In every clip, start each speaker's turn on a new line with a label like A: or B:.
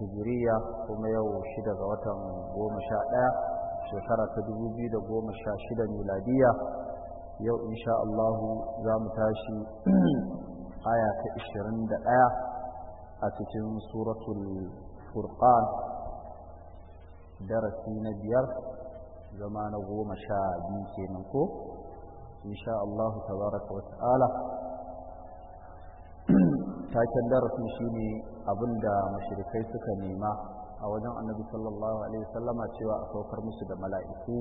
A: hijiriya kuma yau shida ga watan goma sha ɗaya shekara ta dubu biyu da goma sha shida miladiya yau insha Allahu za mu tashi aya ta ishirin da ɗaya a cikin suratul furqan darasi na biyar zama na goma sha biyu kenan ko insha Allahu tabaraka wa ta'ala taken darasin shine abinda mashirikai suka nema a wajen annabi sallallahu alaihi wasallama cewa a saukar musu da mala'iku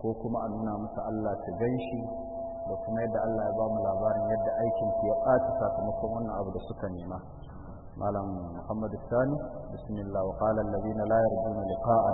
A: ko kuma a nuna musu Allah ta ganshi da kuma yadda Allah ya ba mu labarin yadda aikin ya ɓata sakamakon wannan abu da suka nema malam Muhammad Sani bismillah wa qala alladhina la yarjuna liqa'a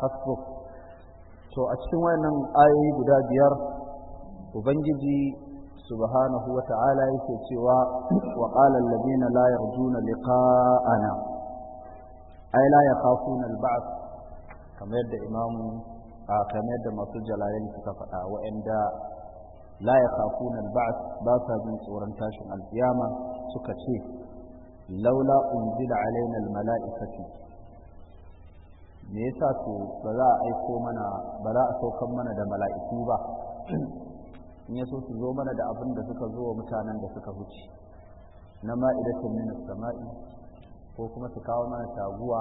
A: hasbuk to a cikin wayannan ayoyi guda biyar ubangiji subhanahu wa ta'ala yake cewa wa qala alladhina la yarjuna liqa'ana ay la yakhafuna al kamar yadda a kamar yadda masu jalalain suka faɗa wa'anda la yakhafuna al-ba'th ba sa jin tsoron tashin alkiyama suka ce laula unzila alaina al me yasa to ba za a aiko mana ba za a saukan mana da mala'iku ba in yaso su zo mana da abin da suka zo wa mutanen da suka huce na ma'idatun min sama'i ko kuma su kawo mana taguwa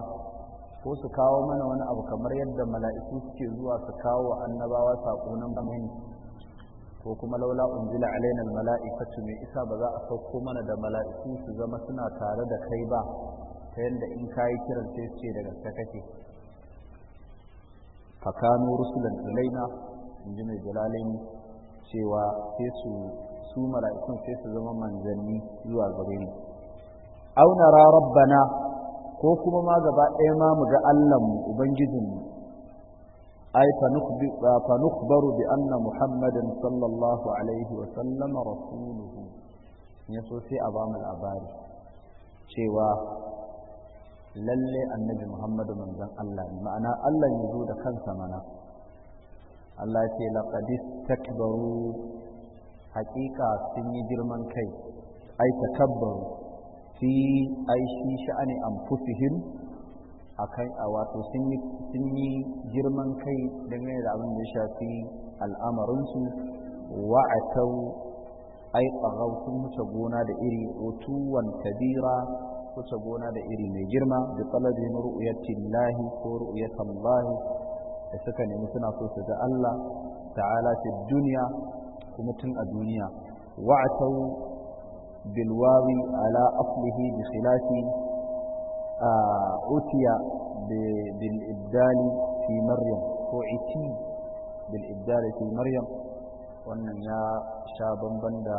A: ko su kawo mana wani abu kamar yadda mala'iku suke zuwa su kawo wa annabawa sako nan amini ko kuma laula unzila alaina almala'ikatu me isa ba za a sauko mana da mala'iku su zama suna tare da kai ba ta yadda in kayi kiran sai su ce daga gaske kake fakanu rusulan ilaina in ji mai cewa sai su su mala'ikun sai su zama manzanni zuwa gare Auna au nara rabbana ko kuma ma gaba ɗaya ma mu ga Allahnmu ubangijinmu ai fa nukhbaru bi anna muhammadan sallallahu alaihi wa sallama rasuluhu ya so sai a ba mu labari cewa lalle annabi muhammadu manzon Allah ne ma'ana Allah ya zo da kansa mana Allah ce laqadis takbaru haƙiƙa sun yi girman kai ai takabbaru fi ai shi sha'ani anfusihim akan a wato sun yi girman kai dangane da abin da ya shafi al'amarinsu wa'atau ai tsagau sun wuce gona da iri utuwan kabira wuce gona da iri mai girma da talabin ru'yatillahi ko ru'yatallahi da suka nemi suna so su ga Allah ta'ala fi duniya kuma tun a duniya wa'atau bilwawi ala aslihi bi khilafi utiya bil iddali fi maryam ko iti bil iddali fi maryam wannan ya sha bamban da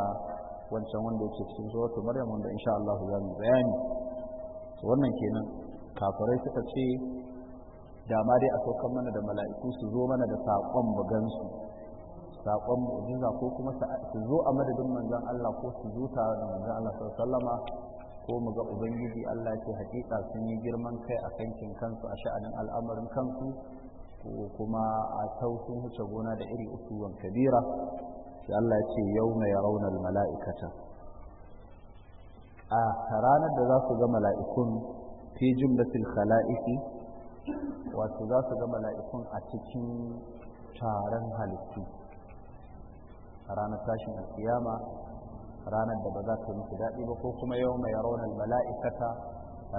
A: wancan wanda yake cikin suratul maryam wanda insha Allah za mu bayani to wannan kenan kafirai suka ce da ma dai a saukan mana da mala'iku su zo mana da saƙon mu gansu saƙon mu'jiza ko kuma su zo a madadin manzon Allah ko su zo tare da manzon Allah sallallahu ko mu ga ubangiji Allah ce hakika sun yi girman kai a kankin kansu a sha'anin al'amarin kansu ko kuma a tausun wuce gona da iri usuwan kabira sai Allah ya ce yau mai raunar mala'ikata a ranar da za su ga mala'ikun fi jimlatil khala'iki wato za su ga mala'ikun a cikin taron halittu a ranar tashin siyama ranar da ba za ta nufi daɗi ba ko kuma yau mai raunar mala'ikata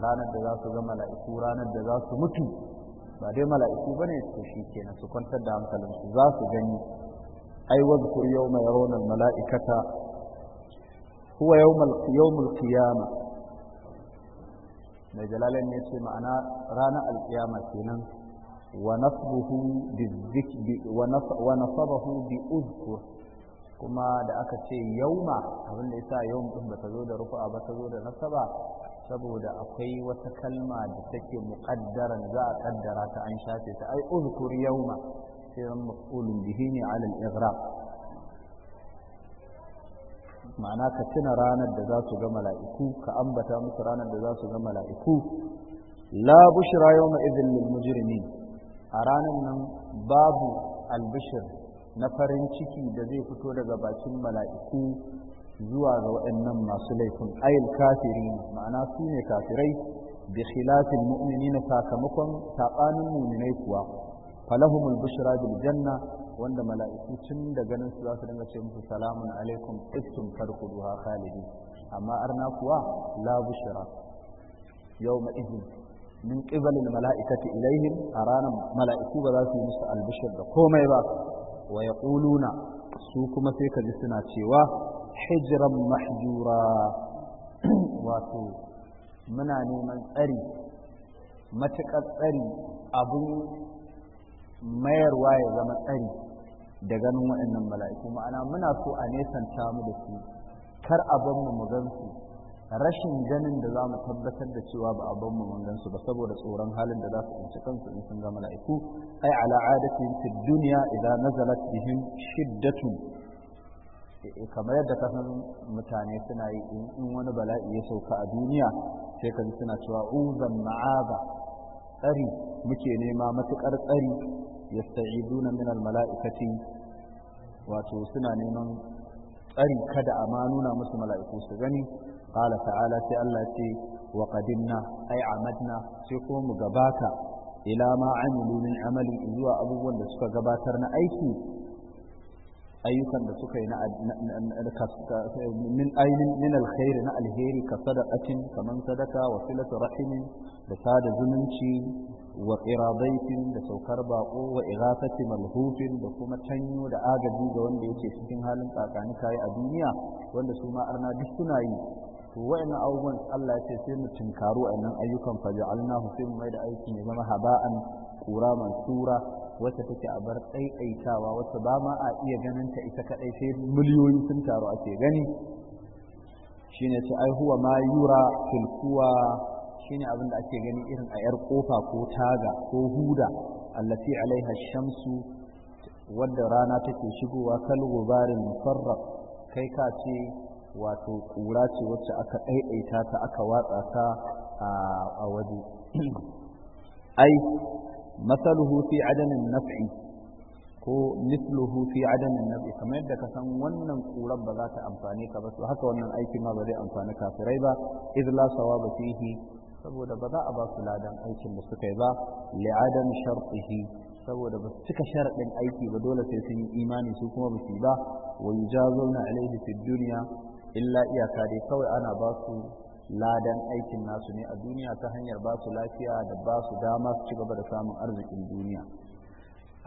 A: ranar da za su ga mala'iku ranar da za su mutu ba dai mala'iku ba ne su shi kenan su kwantar da hankalinsu za su gani أي واذكر يوم يرون الملائكة هو يوم يوم القيامة mai jalalin ne ce ma'ana ranar alkiyama kenan wa nasabahu bi uzkur kuma da aka ce yauma abinda ya sa yawan ɗin ba ta zo da rufa ba ta zo da nasaba saboda akwai wata kalma da take muƙaddaran za a ƙaddara ta an shafe ta ai uzkur yauma مصير مفعول به على الإغراق معناه كتن رانا الدزاس جمل إكو كأنبت أمس رانا الدزاس جمل إكو لا بشرى يومئذ للمجرمين أرانا من باب البشر نفرين تشكي دزي فتولة باتن ملائكو زوا غو إنما سليكم أي الكافرين معناه سين كافرين بخلاف المؤمنين فاكمكم تاقان المؤمنين falahumul bushra bil janna wanda mala'iku tun da ganin su za su dinga ce musu salamun alaikum istum farkuduha khalidi amma arna kuwa la bushra yawma idin min qibalil mala'ikati ilaihim a ranar mala'iku ba za su yi musu albishir da komai ba wa yaquluna su kuma sai ka ji suna cewa hijran mahjura wato muna neman tsari matuƙar tsari abun mayarwa ya zama tsari da ganin waɗannan mala'iku ma'ana muna so a nesanta mu da su kar a ban mu rashin ganin da za mu tabbatar da cewa ba a ban mu ba saboda tsoron halin da za su tsinci kansu in sun ga mala'iku ai ala adatin fi dunya idan nazalat bihim shiddatun eh, kamar yadda ka san mutane suna yi in wani bala'i ya sauka a duniya sai ka ji suna cewa uzan ma'aza tsari muke nema matuƙar tsari yasta'iduna min almala'ikati wato suna neman tsari kada a ma nuna musu mala'iku su gani qala ta'ala sai Allah ce wa qadimna ay amadna sai kuma mu gabata ila ma amilu min amali zuwa abubuwan da suka gabatar na aiki ayyukan da suka yi na min ainin min alkhairi na alheri ka sadaqatin kaman sadaka wa silatu rahimin da zumunci wa qiradaifin da saukar baƙo wa ighathati malhufin da kuma tanyo da agaji ga wanda yake cikin halin tsakani kai a duniya wanda su ma arna duk suna yi to wa'annan abubuwan Allah ya ce sai mu tinkaru nan ayyukan faja'alnahu sai mu mai da aiki ne zama haba'an kura mansura wacce take a bar tsaitsaitawa wacce ba ma a iya ganin ta ita kadai sai miliyoyi sun taru ake gani shine ce ai huwa ma yura fil shine abin da ake gani irin a yar kofa ko taga ko huda allati alaiha shamsu wadda rana take shigowa kal gubarin mufarraq kai ka ce wato kura ce wacce aka ɗaiɗaita ta aka watsa ta a waje ai masaluhu fi adamin naf'i ko misluhu fi adamin naf'i kamar yadda ka san wannan kurar ba za ta amfane ka ba su haka wannan aikin ma ba zai amfani kafirai ba iz la sawaba fihi saboda ba za a ba su ladan aikin da suka yi ba li'adam shartihi saboda ba su cika sharaɗin aiki ba dole sai sun yi imani su kuma ba su ba wa na alaihi fid duniya illa iyaka dai kawai ana ba su ladan aikin nasu ne a duniya ta hanyar ba su lafiya da ba su dama su ci gaba da samun arzikin duniya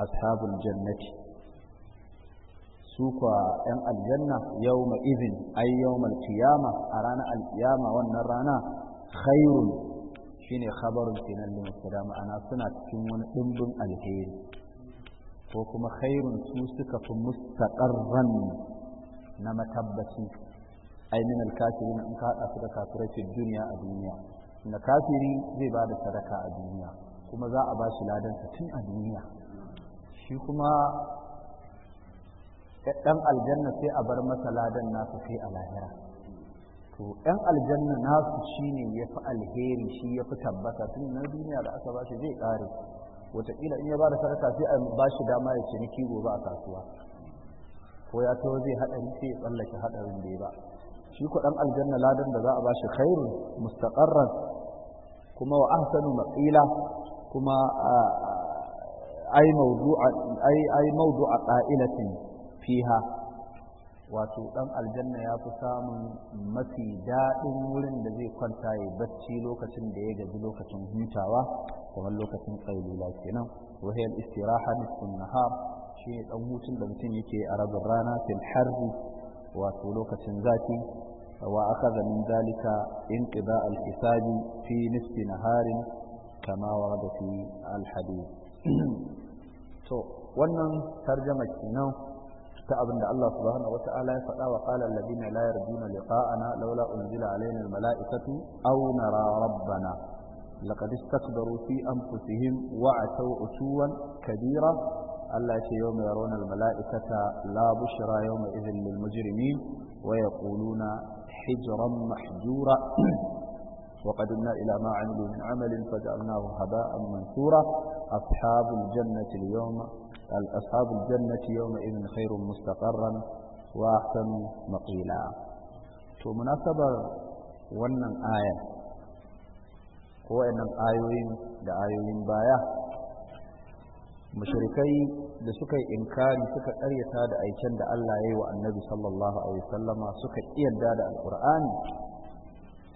A: ashabul jannati su kwa yan aljanna ma izin ay yawmal qiyama a ranar alqiyama wannan rana khairun shine khabarun kenan da ma'ana suna cikin wani dimbin alheri ko kuma khairun su suka fi mustaqarran na matabbaci ai min alkafirin in ka hada su da kafirai fi duniya a duniya na kafiri zai ba da sadaka a duniya kuma za a ba shi tun a duniya shi kuma ɗan aljanna sai a bar masa ladan nasa sai a lahira to yan aljanna nasu shine ya fi alheri shi ya fi tabbata tun na duniya da aka bashi zai kare wataƙila in ya ba da sadaka sai a ba shi dama ya ciniki gobe a kasuwa ko ya tawo zai haɗa sai ya tsallake haɗarin da ya ba shi ko ɗan aljanna ladan da za a bashi shi khairun mustaqarran kuma wa ahsanu maqila kuma ai mawdu'a ai ai mawdu'a qa'ilatin fiha wato ɗan aljanna ya fi samun mafi daɗin wurin da zai kwanta ya bacci lokacin da ya gaji lokacin hutawa kamar lokacin ƙailula kenan wahiyar istiraha na nahar shi ne ɗan hutun da mutum yake a rabin rana fil harbi wato lokacin zafi wa aka zamin zalika in ƙida alhisabi fi nisfi naharin kama wa da fi alhadi to wannan tarjama kenan تأبن الله سبحانه وتعالى وقال الذين لا يرجون لقاءنا لولا أنزل علينا الملائكة أو نرى ربنا لقد استكبروا في أنفسهم وعتوا عتوا كبيرا الله في يوم يرون الملائكة لا بشرى يومئذ للمجرمين ويقولون حجرا محجورا وقدمنا إلى ما عملوا من عمل فجعلناه هباء منثورا أصحاب الجنة اليوم أصحاب الجنة يومئذ خير مستقرا وأحسن مقيلا to munasabar wannan aya ko wayannan ayoyin da ayoyin baya Mushirikai da suka yi inkari suka karyata da aiken da Allah ya yi wa annabi sallallahu alaihi wasallama suka kiyarda da alqur'ani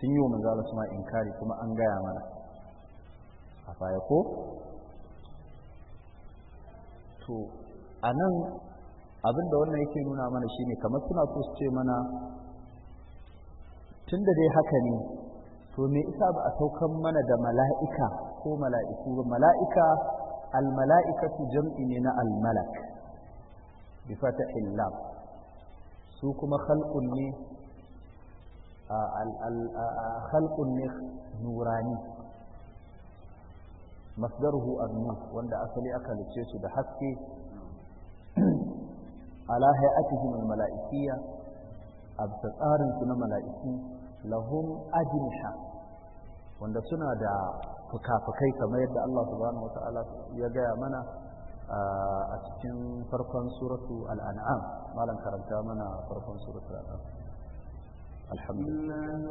A: sun yi wa manzo Allah inkari kuma an gaya mana a baya ko to a nan abinda wannan yake nuna mana shine kamar suna so su ce mana tun da dai haka ne to me isa ba a saukan mana da mala'ika ko mala'iku ba mala'ika almala'ikatu jam'i ne na almalak bi fatahil illam. su kuma khalqun ne khalqun ne nurani masdaruhu annu wanda asali aka lice su da haske ala hay'atihim almala'ikiyya abta tsarin su na mala'iku lahum ajniha wanda suna da fukafukai kamar yadda Allah subhanahu wata'ala ya gaya mana a cikin farkon suratu al'an'am malam karanta mana farkon suratu al'an'am
B: alhamdulillah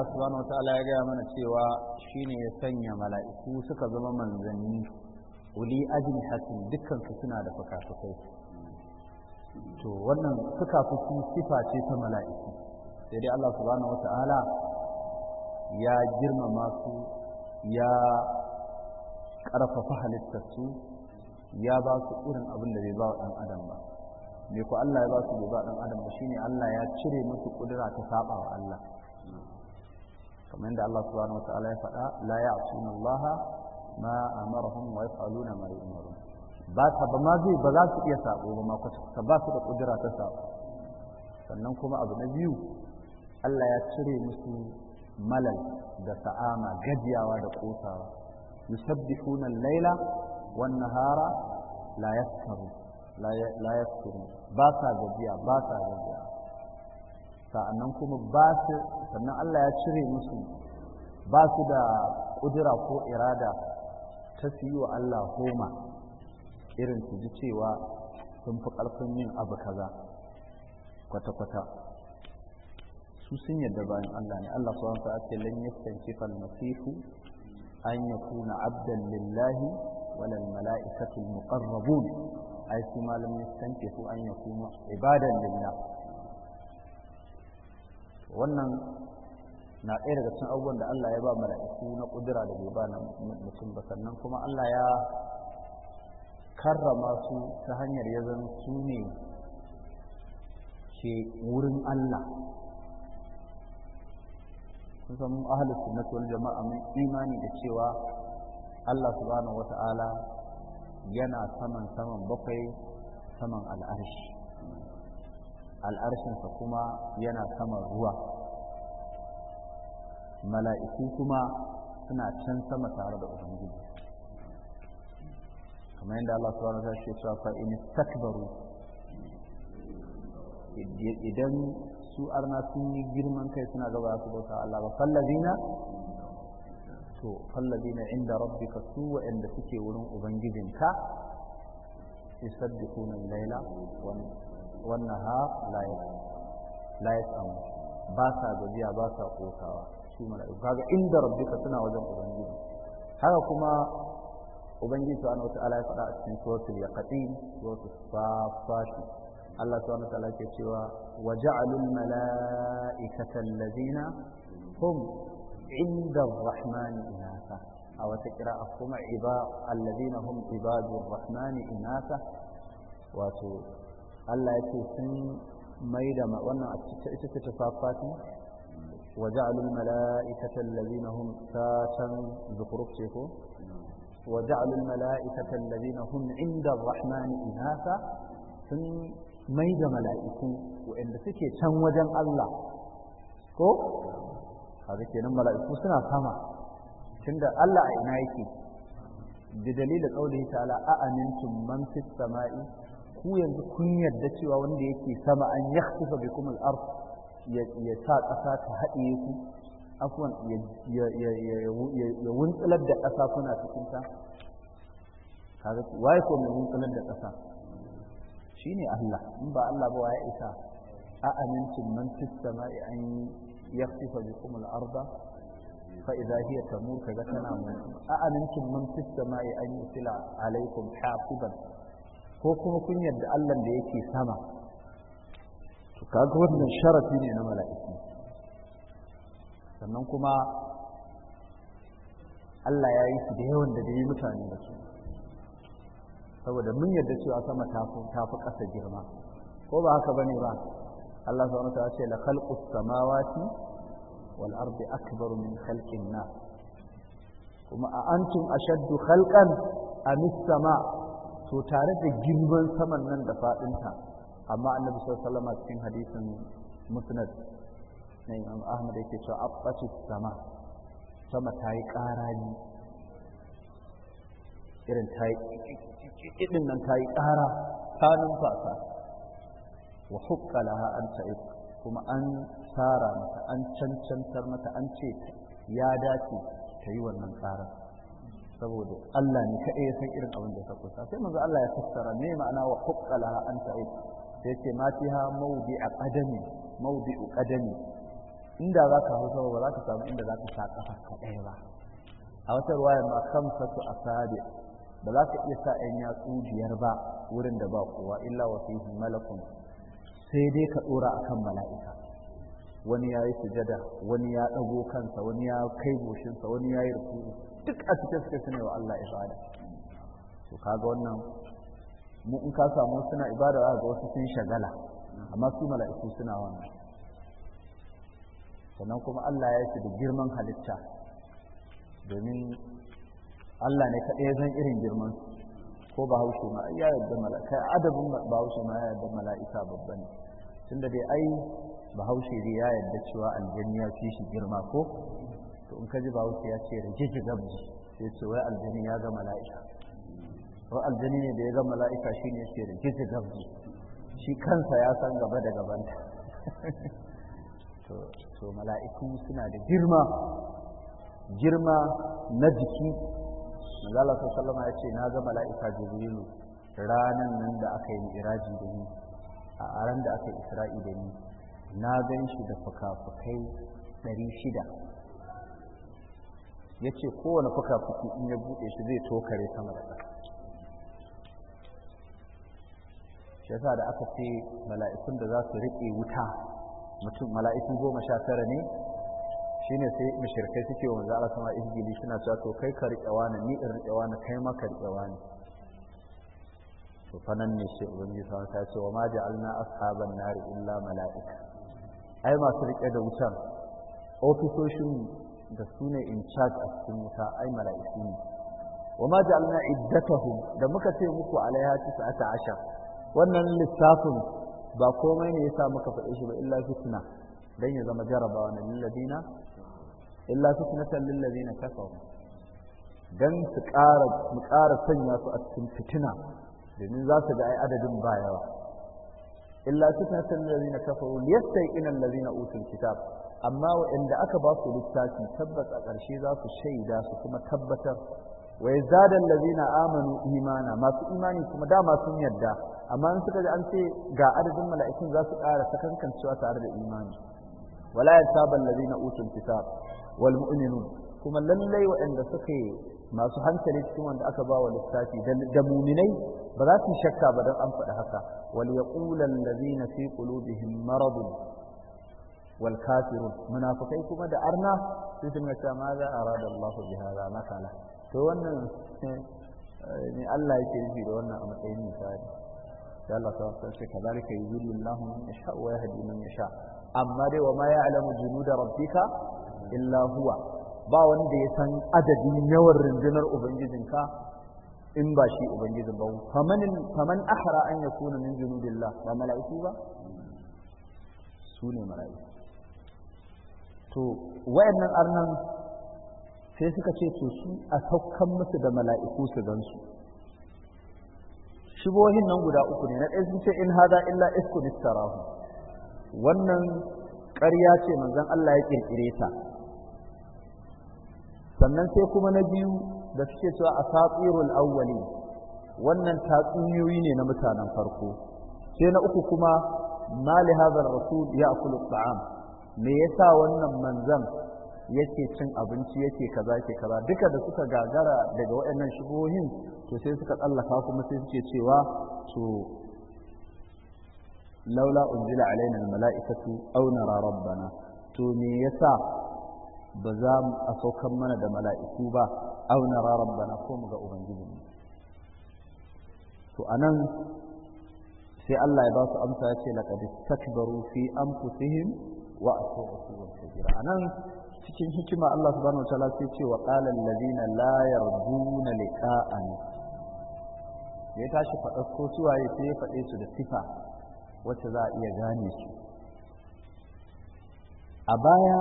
A: Allah subhanahu ya gaya mana cewa shine ya sanya mala'iku suka zama manzanni uli ajin hasin dukkan su suna da fukafukai to wannan fukafuki sifa ce ta mala'iku sai dai Allah subhanahu wataala ya girmama su ya ƙarfafa halittarsu ya ba su irin abin da bai ba wa ɗan adam ba me ko Allah ya ba su bai ba ɗan adam ba shine Allah ya cire musu ƙudura ta saba wa Allah kamar da Allah subhanahu wa ta'ala ya faɗa la ya'suna Allah ma amarahum wa yaf'aluna ma yu'marun ba ta ba ma zai ba za su iya sabo ba ma ka ba su da kudura ta sabo sannan kuma abu na biyu Allah ya cire musu malal da sa'ama gajiyawa da kosawa yusabbihuna al-laila wan nahara la yaskaru la ba sa gajiya ba sa gajiya sa'annan kuma ba su sannan Allah ya cire musu ba su da ƙudura ko irada ta su yi wa Allah homa irin su ji cewa sun fi ƙarfin yin abu kaza kwata-kwata su sun yadda bayan Allah ne Allah su wanta ake lan yastankifa kifar masihu an kuna abdan lillahi walal mala'ikatu muqarrabun ai su san kifu an kuma ibadan lillahi wannan na ɗaya daga cikin abubuwan da Allah ya ba mala'iku na ƙudura da ba na mutum ba sannan kuma Allah ya karrama su ta hanyar ya zan su ne ke wurin Allah Sun san ahlus na wal jama'a mun imani da cewa Allah subhanahu wata'ala yana saman saman bakwai saman al'arshi al'arshinsa kuma yana saman ruwa mala'iku kuma suna can sama tare da ubangiji kamar yadda Allah subhanahu na ta'ala ya ce in istakbaru idan su arna sun yi girman kai suna gaba su bauta Allah ba fallazina to fallazina inda rabbika su wa'anda suke wurin ubangijinka yusabbihuna al-laila wani. والنهار لا يسأم لا يسأم باسا جديا باسا قوتا شي ملائكة هذا عند ربك سنة وجن أبنجي هذا كما أبنجي سبحانه وتعالى يقرأ في سورة اليقين سورة الصافات الله سبحانه وتعالى يقول وجعلوا الملائكة الذين هم عند الرحمن إناثا أو تقرأ هم عباد الذين هم عباد الرحمن إناثا wato Allah ya ce sun mai da wannan a ita ce ta safati wa ja'alul mala'ikata allazina hum satan zukhruf ce ko wa ja'alul mala'ikata allazina hum 'inda ar-rahmani inasa sun mai da mala'iku waɗanda suke can wajen Allah ko kaga kenan mala'iku suna sama tunda Allah a ina yake bi dalilin qaulihi ta'ala a amintum man fis sama'i ku yanzu kun yarda cewa wanda yake sama an yakhsifa bikum al-ard ya sa ƙasa ta haɗe ku afwan ya wuntsular da ƙasa kuna cikin ta kaga waye ko mai wuntsular da ƙasa shine Allah in ba Allah ba waye isa a amintum man fis sama'i an yakhsifa bikum al-ard fa idha hiya tamur kaga kana mun a amintum man fis sama'i an yusila alaykum hasiban ko kuma kun yarda Allah da yake sama to kaga wannan sharafi ne na mala'iku sannan kuma Allah ya yi su da yawan da dai mutane da su saboda mun yadda cewa sama ta fi ƙasa girma ko ba haka bane ba Allah subhanahu wa ce la khalqus samawati wal ardi akbaru min khalqin nas kuma a antum ashaddu khalqan amis sama to tare da girman saman nan da faɗinta amma annabi sallallahu alaihi cikin hadisin musnad na imam ahmad yake cewa abbatu sama sama ta yi ƙarani irin ta yi idin nan ta yi ƙara ta numfasa wa hukka an ta'ib kuma an tsara mata an cancantar mata an ce ya dace ta yi wannan ƙarar saboda Allah ne kaɗai ya san irin abin da ya kusa, sai manzo Allah ya fassara me ma'ana wa huqqa laha an ta'ud sai ce ma fiha mawdi'a qadami mawdi'u qadami inda za ka hausa ba za ka samu inda za ka sa kafa kaɗai ba a wata ruwaya ma kamsatu asabi ba za ka iya sa ɗan yatsu biyar ba wurin da ba kowa illa wa fihi malakun sai dai ka ɗora akan mala'ika wani ya yi sujada wani ya ɗago kansa wani ya kai goshinsa wani ya yi rukuku duk a cike suke suna wa Allah ibada to kaga wannan mu in ka samu suna ibada za ga wasu sun shagala amma su mala'iku suna wannan sannan kuma Allah ya ce da girman halitta domin Allah ne kaɗai ya zan irin girman ko ba haushe ma ya yarda mala'ika adabin ba haushe ma ya yarda mala'ika babba ne tunda dai ai ba haushe dai ya yarda cewa aljanniya fi shi girma ko to in ka ji ba wuce ya ce da rigiji gabji ya ce wai aljini ya ga mala'ika wai aljini ne da ya ga mala'ika shi ne ce da rigiji gabji shi kansa ya san gaba da gabanta to mala'iku suna da girma girma na jiki manzala Salama ya ce na ga mala'ika jibrilu ranan nan da aka yi iraji da ni a aran da aka yi isra'i da ni na gan shi da fuka-fukai shida. ya ce kowane fuka-fuki in ya buɗe shi zai tokare sama da ƙasa shi yasa da aka fi mala'ikun da za su riƙe wuta mutum mala'ikun goma sha tara ne shi ne sai mashirkai suke wa manzo Allah sama izgili suna cewa to kai ka riƙe wani ni in riƙe wani kai ma ka riƙe wani to fa nan ne shi ubangiji sama ta ce wa ma ja'alna ashaban nari illa mala'ika ai masu riƙe da wutan ofisoshin da su ne in charge a cikin wuta ai mala'iku ne wa ma ja'alna iddatahum da muka ce muku alaiha tis'ata ashar wannan lissafin ba komai ne yasa muka faɗe shi ba illa fitna dan ya zama jarabawa na lilladina illa fitnatan lilladina kafaru dan su ƙara mu ƙara sanya su a cikin fitina domin za su ga ai adadin ba yawa illa fitnatan lilladina kafaru liyastaqina alladhina utul kitab amma waɗanda aka ba su littafi tabbas a ƙarshe za su shaida su kuma tabbatar wai zadan na amanu imana masu imani kuma dama sun yadda amma in suka ji an ce ga adadin mala'ikun za su ƙara sakankancewa tare da imani wala yasaba na utul kitab wal mu'minun kuma lallai waɗanda suka yi masu hankali cikin wanda aka ba wa littafi da muminai ba za su shakka ba don an faɗi haka wal lazi na fi qulubihim maradun wal kafirun munafikai kuma da arna sai su ce ma za arada Allah bi hada makala to wannan eh, ne Allah yake nufi da wannan a matsayin misali da Allah ta wasu sai kazalika yuzillu Allah man yasha wa amma dai wa ma ya'lamu junuda illa huwa ba wanda ya san adadin yawan rundunar ubangijinka in ba shi ubangijin ba faman ahra an kuna min junudillah ba mala'iku ba su ne mala'iku to wayannan arnan sai suka ce to su a saukan musu da mala'iku su gansu shibohin nan guda uku ne na ɗaya sun ce in hada illa iskun istarahu wannan ƙarya ce manzon Allah ya kirkire ta sannan sai kuma na biyu da suke cewa a tatsirul awwali wannan tatsuniyoyi ne na mutanen farko sai na uku kuma ma li hadha rasul ya'kulu at-ta'am me yasa wannan manzan yake cin abinci yake kaza yake kaza duka da suka gagara daga waɗannan shigohin to sai suka tsallaka kuma sai suke cewa to laula unzila alaina almala'ikatu aw nara rabbana to me yasa ba za mu a saukan mana da mala'iku ba aw nara rabbana ko mu ga ubangiji to anan sai Allah ya ba su amsa ya ce laqad istakbaru fi anfusihim wa as-sawtu wal anan cikin hikima Allah subhanahu wataala sai ce wa qala allazina la yarduna liqa'an ya tashi faɗa ko suwaye sai ya faɗe su da sifa wacce za a iya gane su a baya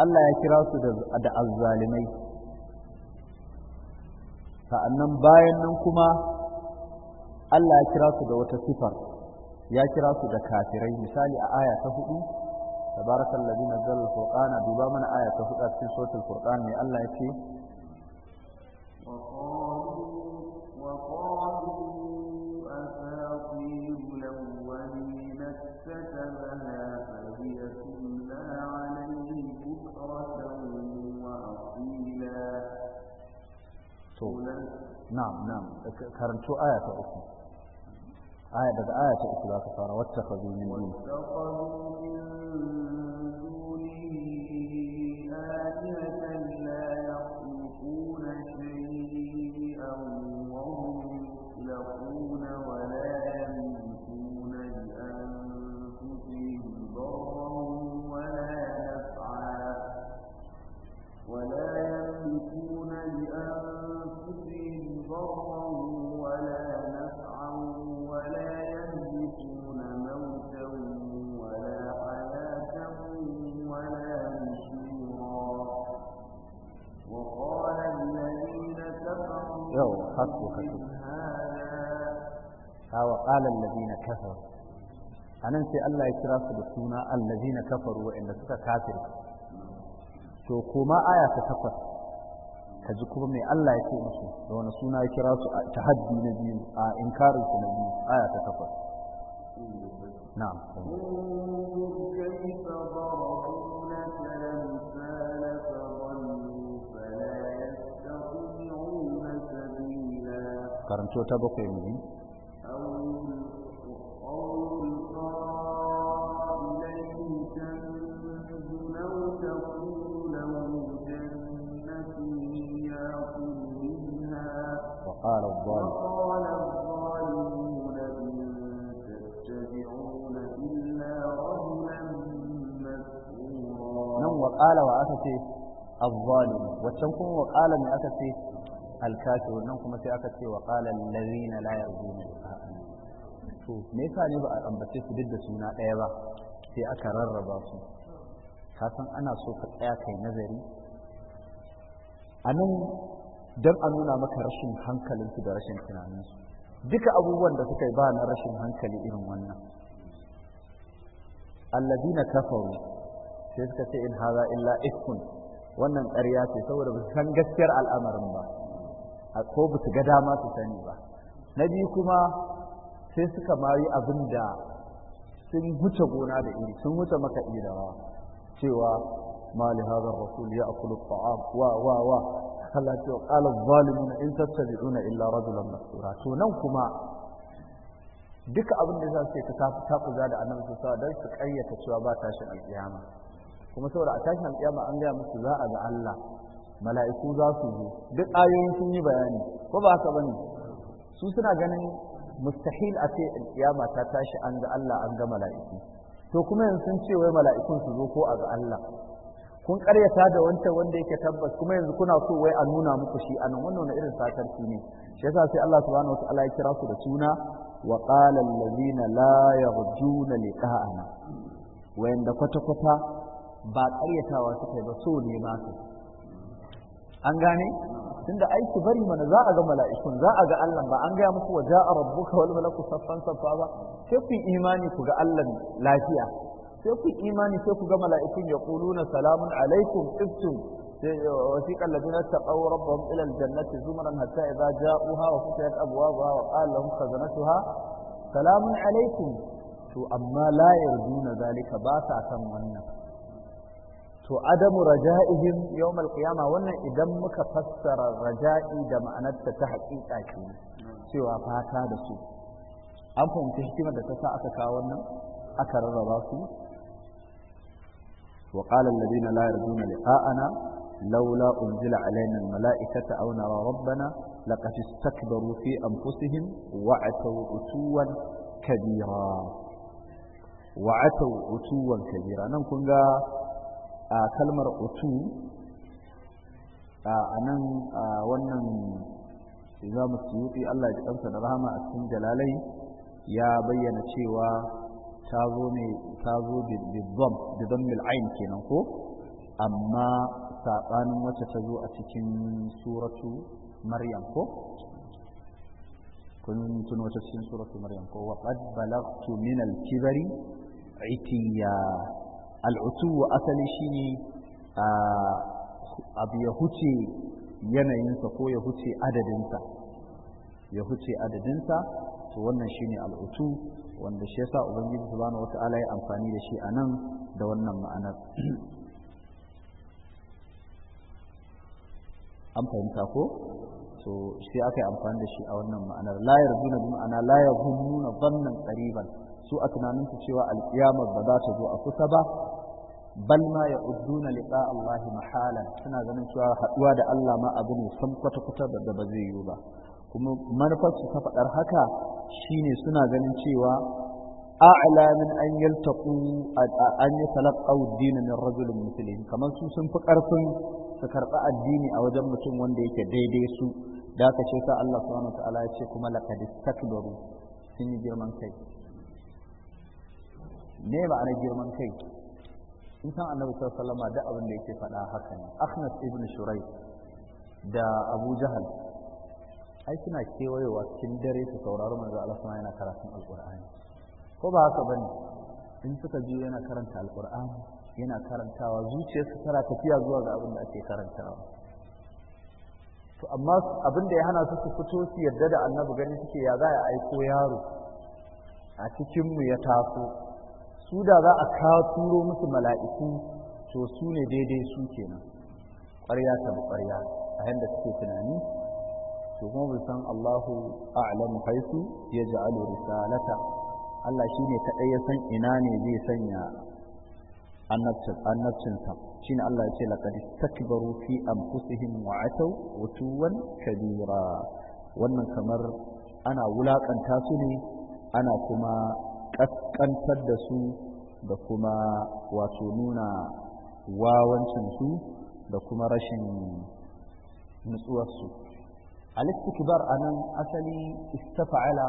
A: Allah ya kira su da azzalimai sa'annan bayan nan kuma Allah ya kira su da wata sifar ya kira su da kafirai misali a aya ta hudu tabarakal ladhi nazzala furqana duba mana aya ta hudu a cikin suratul furqan ne Allah ya ce to na'am na'am karanto aya uku aya daga aya ta uku za ka fara wata fazo ko kaso wa qala allazina kafaru sai Allah ya kira su da suna allazina kafaru waɗanda suka kafir to kuma aya ta takwas ka ji kuma mai Allah ya ce musu da wani suna ya kira su ta haddi na biyu a inkarin su na biyu aya ta takwas na'am karanto ta bakwai mu
B: وقال الظالم nan
A: waƙala wa aka ce azzalimi waccan kuma waƙala ne aka ce alkafirun nan kuma sai aka ce wa qala allazina la yarjuna to me yasa ne ba a ambace su duk da suna ɗaya ba sai aka rarraba su ka san ana so ka tsaya kai nazari a nan don a nuna maka rashin hankalinsu da rashin tunaninsu duka abubuwan da suka yi ba na rashin hankali irin wannan allazina kafaru sai suka ce in haza illa ifkun wannan ƙarya ce saboda ba san gaskiyar al'amarin ba ko ba su ga dama su sani ba na biyu kuma sai suka mayi abin da sun wuce gona da iri sun wuce maka irawa cewa mali hadar rasul ya akulu ta'am wa wa wa Allah ce qala zalimuna in tattabi'una illa rajulan masura to nan kuma duka abin da zai ta tafi tafuza da annabi sallallahu alaihi su kayyata cewa ba tashin alkiyama kuma saboda a tashin alkiyama an gaya musu za a ga Allah mala'iku za su zo duk ayoyin sun yi bayani ko ba haka bane su suna ganin mustahil a ce alƙiyama ta tashi an ga Allah an ga mala'iku to kuma yanzu sun ce wai mala'ikun su zo ko a ga Allah kun ƙaryata da wancan wanda yake tabbas kuma yanzu kuna so wai a nuna muku shi anan wannan wani irin satarci ne shi yasa sai Allah subhanahu wataala ya kira su da suna wa qala allazina la yarjuna liqa'ana wayanda kwata kwata ba karyatawa suka yi ba so ne ma su an gane tunda aiki bari mana za a ga mala'ikun za a ga Allah ba an gaya muku wa ja'a rabbuka wal malaku saffan saffa ba sai ku imani ku ga Allah lafiya sai ku imani sai ku ga mala'ikun yaquluna salamun alaikum ibtum وثيق الذين اتقوا ربهم الى الجنه زمرا حتى اذا جاءوها وفتحت ابوابها وقال لهم خزنتها سلام عليكم تو اما لا يرجون ذلك باسا كم wannan to adamu raja'ihim yawmal qiyama wannan idan muka fassara raja'i da ma'anarta ta haƙiƙa ke cewa fata da su an fahimci hikimar da ta sa aka kawo wannan aka rarraba su wa qala alladhina la yarjuna liqa'ana laula unzila alaina almala'ikata aw nara rabbana laqad istakbaru fi anfusihim wa ataw utuwan kabira wa ataw utuwan kabira nan kun ga a kalmar utu a nan wannan za mu suyuti eh, Allah ya ɗansa da rahama a cikin jalalai ya bayyana cewa ta zo ne ta zo da bidzam mil'ain kenan ko amma saɓanin wacce ta zo a cikin suratu maryam ko kun tun wata cikin suratu maryam ko wa qad balagtu min al-kibari itiya al'utuwa asali shi ne abu ya huce yanayinsa ko ya huce adadinsa ya huce adadinsa to wannan shi ne al'utu wanda shi yasa ubangiji subhanahu ta'ala ya amfani da shi a nan da wannan ma'anar an fahimta ko to sai aka yi amfani da shi a wannan ma'anar la yarjuna bi ma'ana la yahunnuna dhannan qariban su a tunaninsu cewa alƙiyamar ba za ta zo a kusa ba bal ma ya udduna liqa Allah mahala suna ganin cewa haɗuwa da Allah ma abu ne san kwata kwata da ba zai yiwu ba kuma manufar su ta faɗar haka shine suna ganin cewa a'la min an yaltaqu an yatalaqaw ad-din min rajulin mithlihim kamar su sun fi ƙarfin su addini a wajen mutum wanda yake daidai su da aka ce sa Allah subhanahu wa ta'ala ya ce kuma laqad istakbaru sun yi girman kai Ne ma'ana girman kai in san annabi sallallahu alaihi da abin da yake faɗa haka ne akhnas ibn shurai da abu jahal ai suna kewayewa cikin dare su saurari manzo Allah sama yana karatun alqur'ani ko ba haka bane in suka ji yana karanta alqur'ani yana karantawa zuciyarsu tana tafiya zuwa ga abin da ake karantawa to amma abin da ya hana su su fito su yarda da annabi gani suke ya za a aiko yaro a cikinmu ya taso su da za a kawo turo musu mala'iku to su ne daidai su kenan ƙwarya ta ƙwarya a yadda suke tunani to kuma bai san Allahu a'lamu haisu ya ja'alu risalata Allah shi ne kaɗai ya san ina ne zai sanya annabcinsa Shin Allah ya ce laqad baro fi anfusihim wa ataw kabira wannan kamar ana wulaƙanta su ne ana kuma ƙasƙantar da su da kuma wato nuna wawancinsu da kuma rashin nutsuwarsu al a anan asali istafa'ala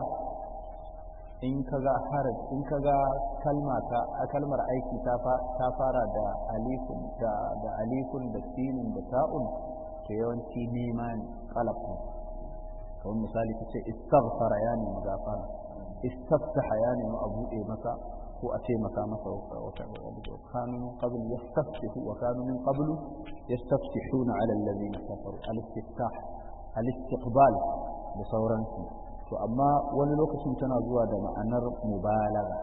A: in kaga haraj in kaga ga kalmar aiki ta fara da alifun da alifun da sinin da ta'un ta yawanci neman kalafin kawai misali kace istaghfara yani zafara استفتح يعني ما أبو إيه مكة هو أتي مكا مكا وكانوا من قبل يستفتح وكانوا من قبل يستفتحون على الذين كفروا الاستفتاح الاستقبال بصورا فأما ولوك سنتنا زوادا ما أنر مبالغة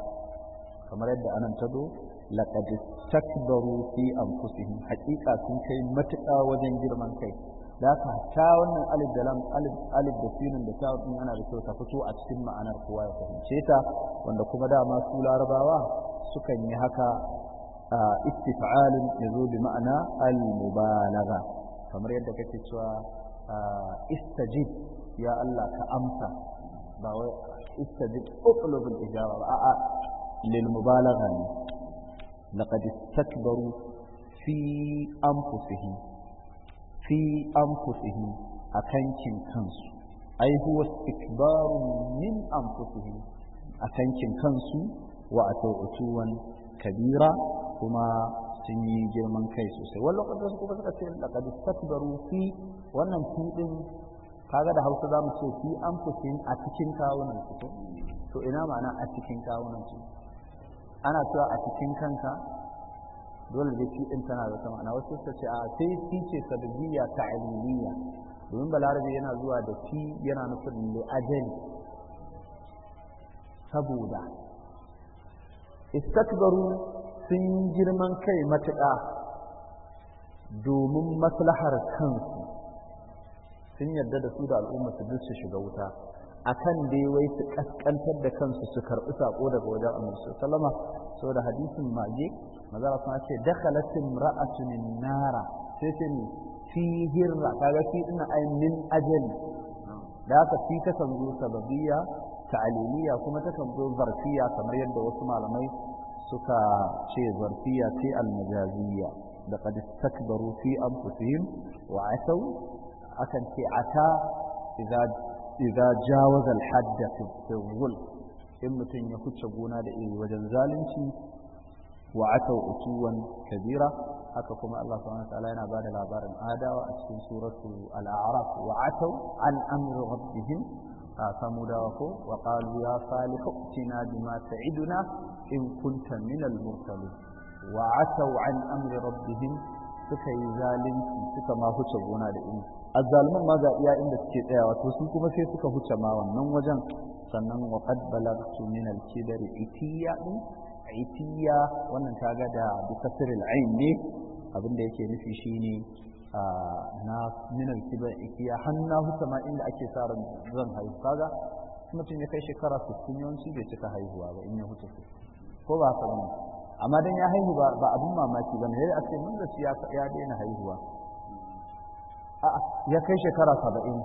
A: فما رد أن امتدو لقد استكبروا في أنفسهم حقيقة كي متى وزنجر من كيف da aka ta wannan alif da lam alif da sinin da ta din ana da kyau ta fito a cikin ma'anar kowa ya fahimce ta wanda kuma dama su larabawa sukan yi haka istif'alin yazo bi ma'ana al-mubalagha kamar yadda kake cewa istajib ya Allah ka amsa ba wai istajib utlub al-ijaba ba a'a lil mubalagha ne laqad istakbaru fi anfusihim fi anfusihim a kankin kansu ai huwa istikbaru min anfusihim a kankin kansu wa atuwan kabira kuma sun yi girman kai sosai wani lokacin su kuma suka ce laqad istakbaru fi wannan fi kaga da Hausa zamu ce fi anfusihim a cikin kawunan su to ina ma'ana a cikin kawunan su ana cewa a cikin kanka dole da shi din tana da sama na wasu suka ce a sai shi ce sabbiya ilmiya domin balarabe yana zuwa da shi yana nufin ajali saboda istakbaru sun yi girman kai matuƙa domin maslahar kansu sun yarda da su da al'umma su duk su shiga wuta akan de wai su kaskantar da kansu su karɓi sako daga wajen annabi sallama da hadisin mage manzara kuma ce dakhalat imra'atun nara sai ce ni fi hirra kaga fi ina ai min ajali da haka fi ta kan zo sababiyya ta'aliliya kuma ta kan zo zarfiya kamar yadda wasu malamai suka ce zarfiya ce almajaziyya da qad istakbaru fi anfusihim wa asaw akan ce ata idza idza jawaza al-hadda fi in mutum ya huce gona da iri wajen zalunci wa utuwan kabira haka kuma Allah subhanahu wataala yana bada labarin adawa a cikin suratu al-a'raf wa atau an amri rabbihim dawa ko wa qalu ya salihu tina bima ta'iduna in kunta min al-mursalin wa an amri rabbihim suka yi zalunci suka ma huce gona da ini azzaluman ma ga iya inda suke tsayawa to su kuma sai suka huce ma wannan wajen sannan wa qad balagtu min al-kibar itiya itiya wannan kaga da bi kasril ain ne abinda yake nufi shine na min al-kibar itiya hanna huce ma inda ake sa ran zan haihu kaga mutum ya kai shekara 60 yawanci bai cika haihuwa ba in ya huce ko ba ka amma dan ya haihu ba abin mamaki ba sai a ce mun da ya daina haihuwa a'a ya kai shekara saba'in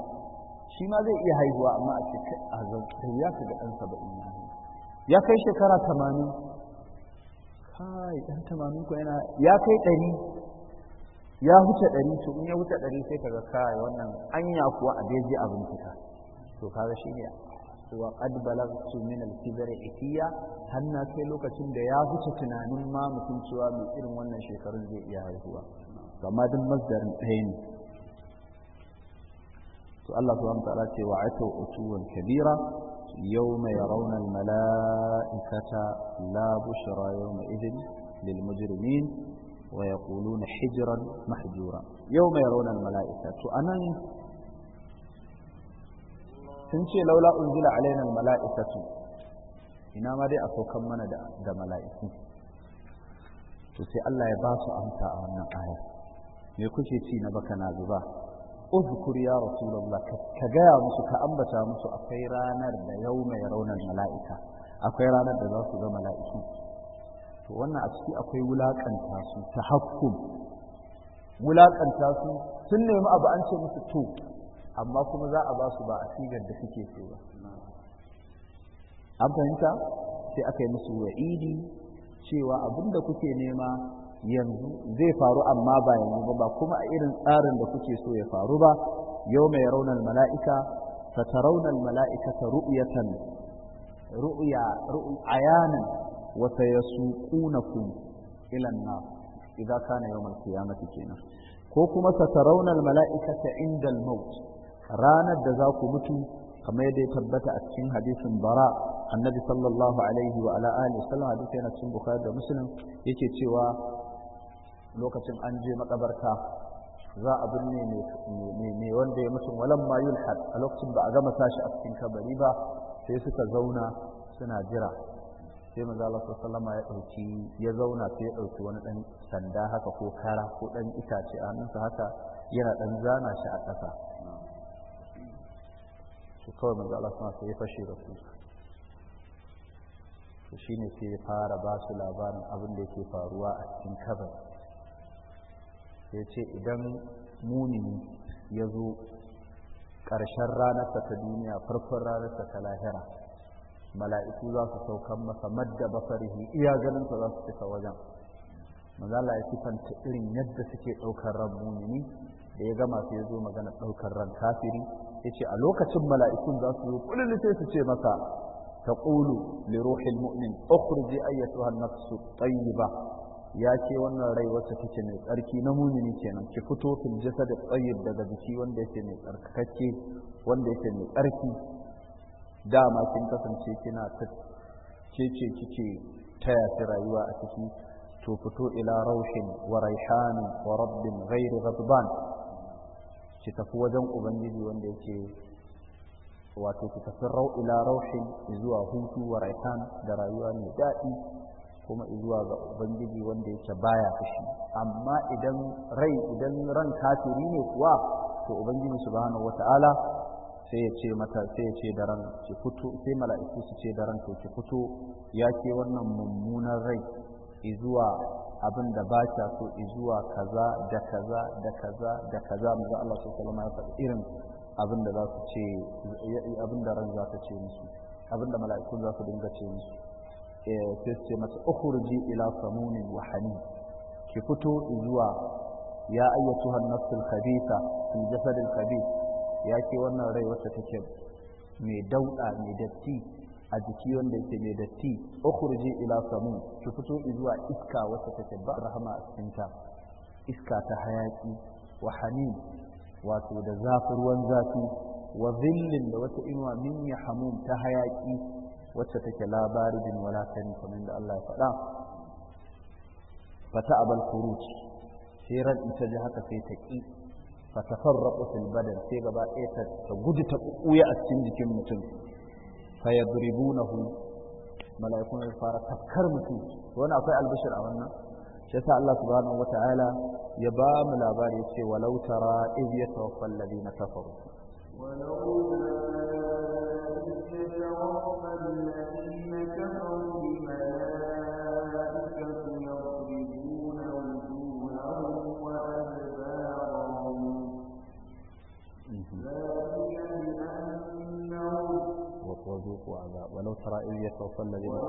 A: shi ma zai iya haihuwa amma a cikin azantar ya fi da 70 ya ya kai shekara tamanin kai dan tamanin ko yana ya kai ɗari ya huce ɗari to in ya huce ɗari sai kaga kai wannan anya kuwa a daji abin kika to kaga shi ne وقد بلغت من الكبر إتيا هل كيلو كتن ديا هوتا تنان ما مكن سوا من إرم وانا شكر زي إياه هو فما دم مزدر هين الله سبحانه وتعالى وعته أتوا كبيرا يوم يرون الملائكة لا بشرى يومئذ للمجرمين ويقولون حجرا محجورا يوم يرون الملائكة أنا sun ce laula unzila alaina mala'ikatu ina ma dai a saukan mana da mala'iku to sai Allah ya ba su amsa a wannan aya me kuke ci na baka na zuba uzkur ya rasulullah ka gaya musu ka ambata musu akwai ranar da yauma ya raunar mala'ika akwai ranar da za su ga mala'iku to wannan a ciki akwai wulakanta su ta hakkum wulakanta su sun nemi abu an ce musu to amma kuma za a ba su ba a sigar da suke so ba an fahimta sai aka yi musu wa'idi cewa abin da kuke nema yanzu zai faru amma ba yanzu ba kuma a irin tsarin da kuke so ya faru ba yau mai raunar mala'ika fataraunar mala'ika ta ru'yatan ru'ya ayanan wata ya suƙunakun ilan na idan kana yau mai kenan ko kuma fataraunar mala'ika ta inda maut ranar da za ku mutu kamar yadda ya tabbata a cikin hadisin bara annabi sallallahu alaihi wa ala alihi sallam hadisi yana cikin bukhari da muslim yake cewa lokacin an je makabarta za a binne wanda ya mutu walan ma yulhad a lokacin ba a gama tashi a cikin kabari ba sai suka zauna suna jira sai manzo Allah sallallahu ya dauki ya zauna sai ya dauki wani dan sanda haka ko kara ko dan itace a hannunsa haka yana dan zana shi a ƙasa to kawai manzo Allah sama sai ya fashe da su to shine ne ya fara ba su labarin abin da yake faruwa a cikin kabar Ya ce idan muni ya zo ƙarshen ranarsa ta duniya farkon ranarsa ta lahira mala'iku za su saukan masa madda basarihi iya ganin za su cika wajen Mazala ya sifanta irin yadda suke ɗaukar ran mumini da ya gama sai ya zo magana ɗaukar ran kafiri yace a lokacin mala'ikun za su yi kullu sai su ce masa taqulu li ruhil mu'min ukhriji ayyatuha an-nafsu tayyiba ya ce wannan rai wacce take mai tsarki na mumini kenan ki fito fil jasad tayyib daga jiki wanda yake mai tsarkakakke wanda yake mai tsarki dama kin kasance kina ta ce kike taya fi rayuwa a ciki to fito ila raushin wa raihanin wa rabbin ghairi ghadban ki tafi wajen ubangiji wanda yake wato ki tafi ila raushin zuwa hutu wa raitan da rayuwa mai daɗi kuma zuwa ga ubangiji wanda yake baya fushi amma idan rai idan ran kafiri ne kuwa to ubangiji subhanahu wata'ala sai ya ce mata sai ya ce da ran ki fito sai mala'iku su ce da ran to ki fito ya ce wannan mummunan rai zuwa abin da ba ta so zuwa kaza da kaza da kaza da kaza mu Allah sallallahu alaihi wasallam ya irin abin da za su ce abin da ran za ta ce musu abin da mala'ikun za su dinga ce musu eh, sai su ce masa ukhruji ila samunin wa hani ki fito zuwa ya ayyatuhan nafsul khabitha fi jasadil khabith ya ke wannan rai wacce take mai dauda mai datti a jiki wanda yake mai datti ukhruji ila samu ki fito zuwa iska wacce take ba rahama a cikin ta iska ta hayaki wa hanin wato da zafi ruwan zafi wa zillin da wata inuwa min ya hamum ta hayaki wacce take labarin wala tani kamar da Allah ya faɗa fata abal furuj sai ran ita ji haka sai ta ki fatafarraqu fil badan sai gaba ɗaya ta gudu ta kuya a cikin jikin mutum fa yadribunahu mala'ikun ya fara tafkar mutum wani akwai albishir a wannan shi yasa Allah subhanahu wata'ala ya ba mu labari ce walau tara iz yatawaffa alladhina kafaru
B: walau tara iz yatawaffa alladhina
A: الإسرائيلية وصل بنا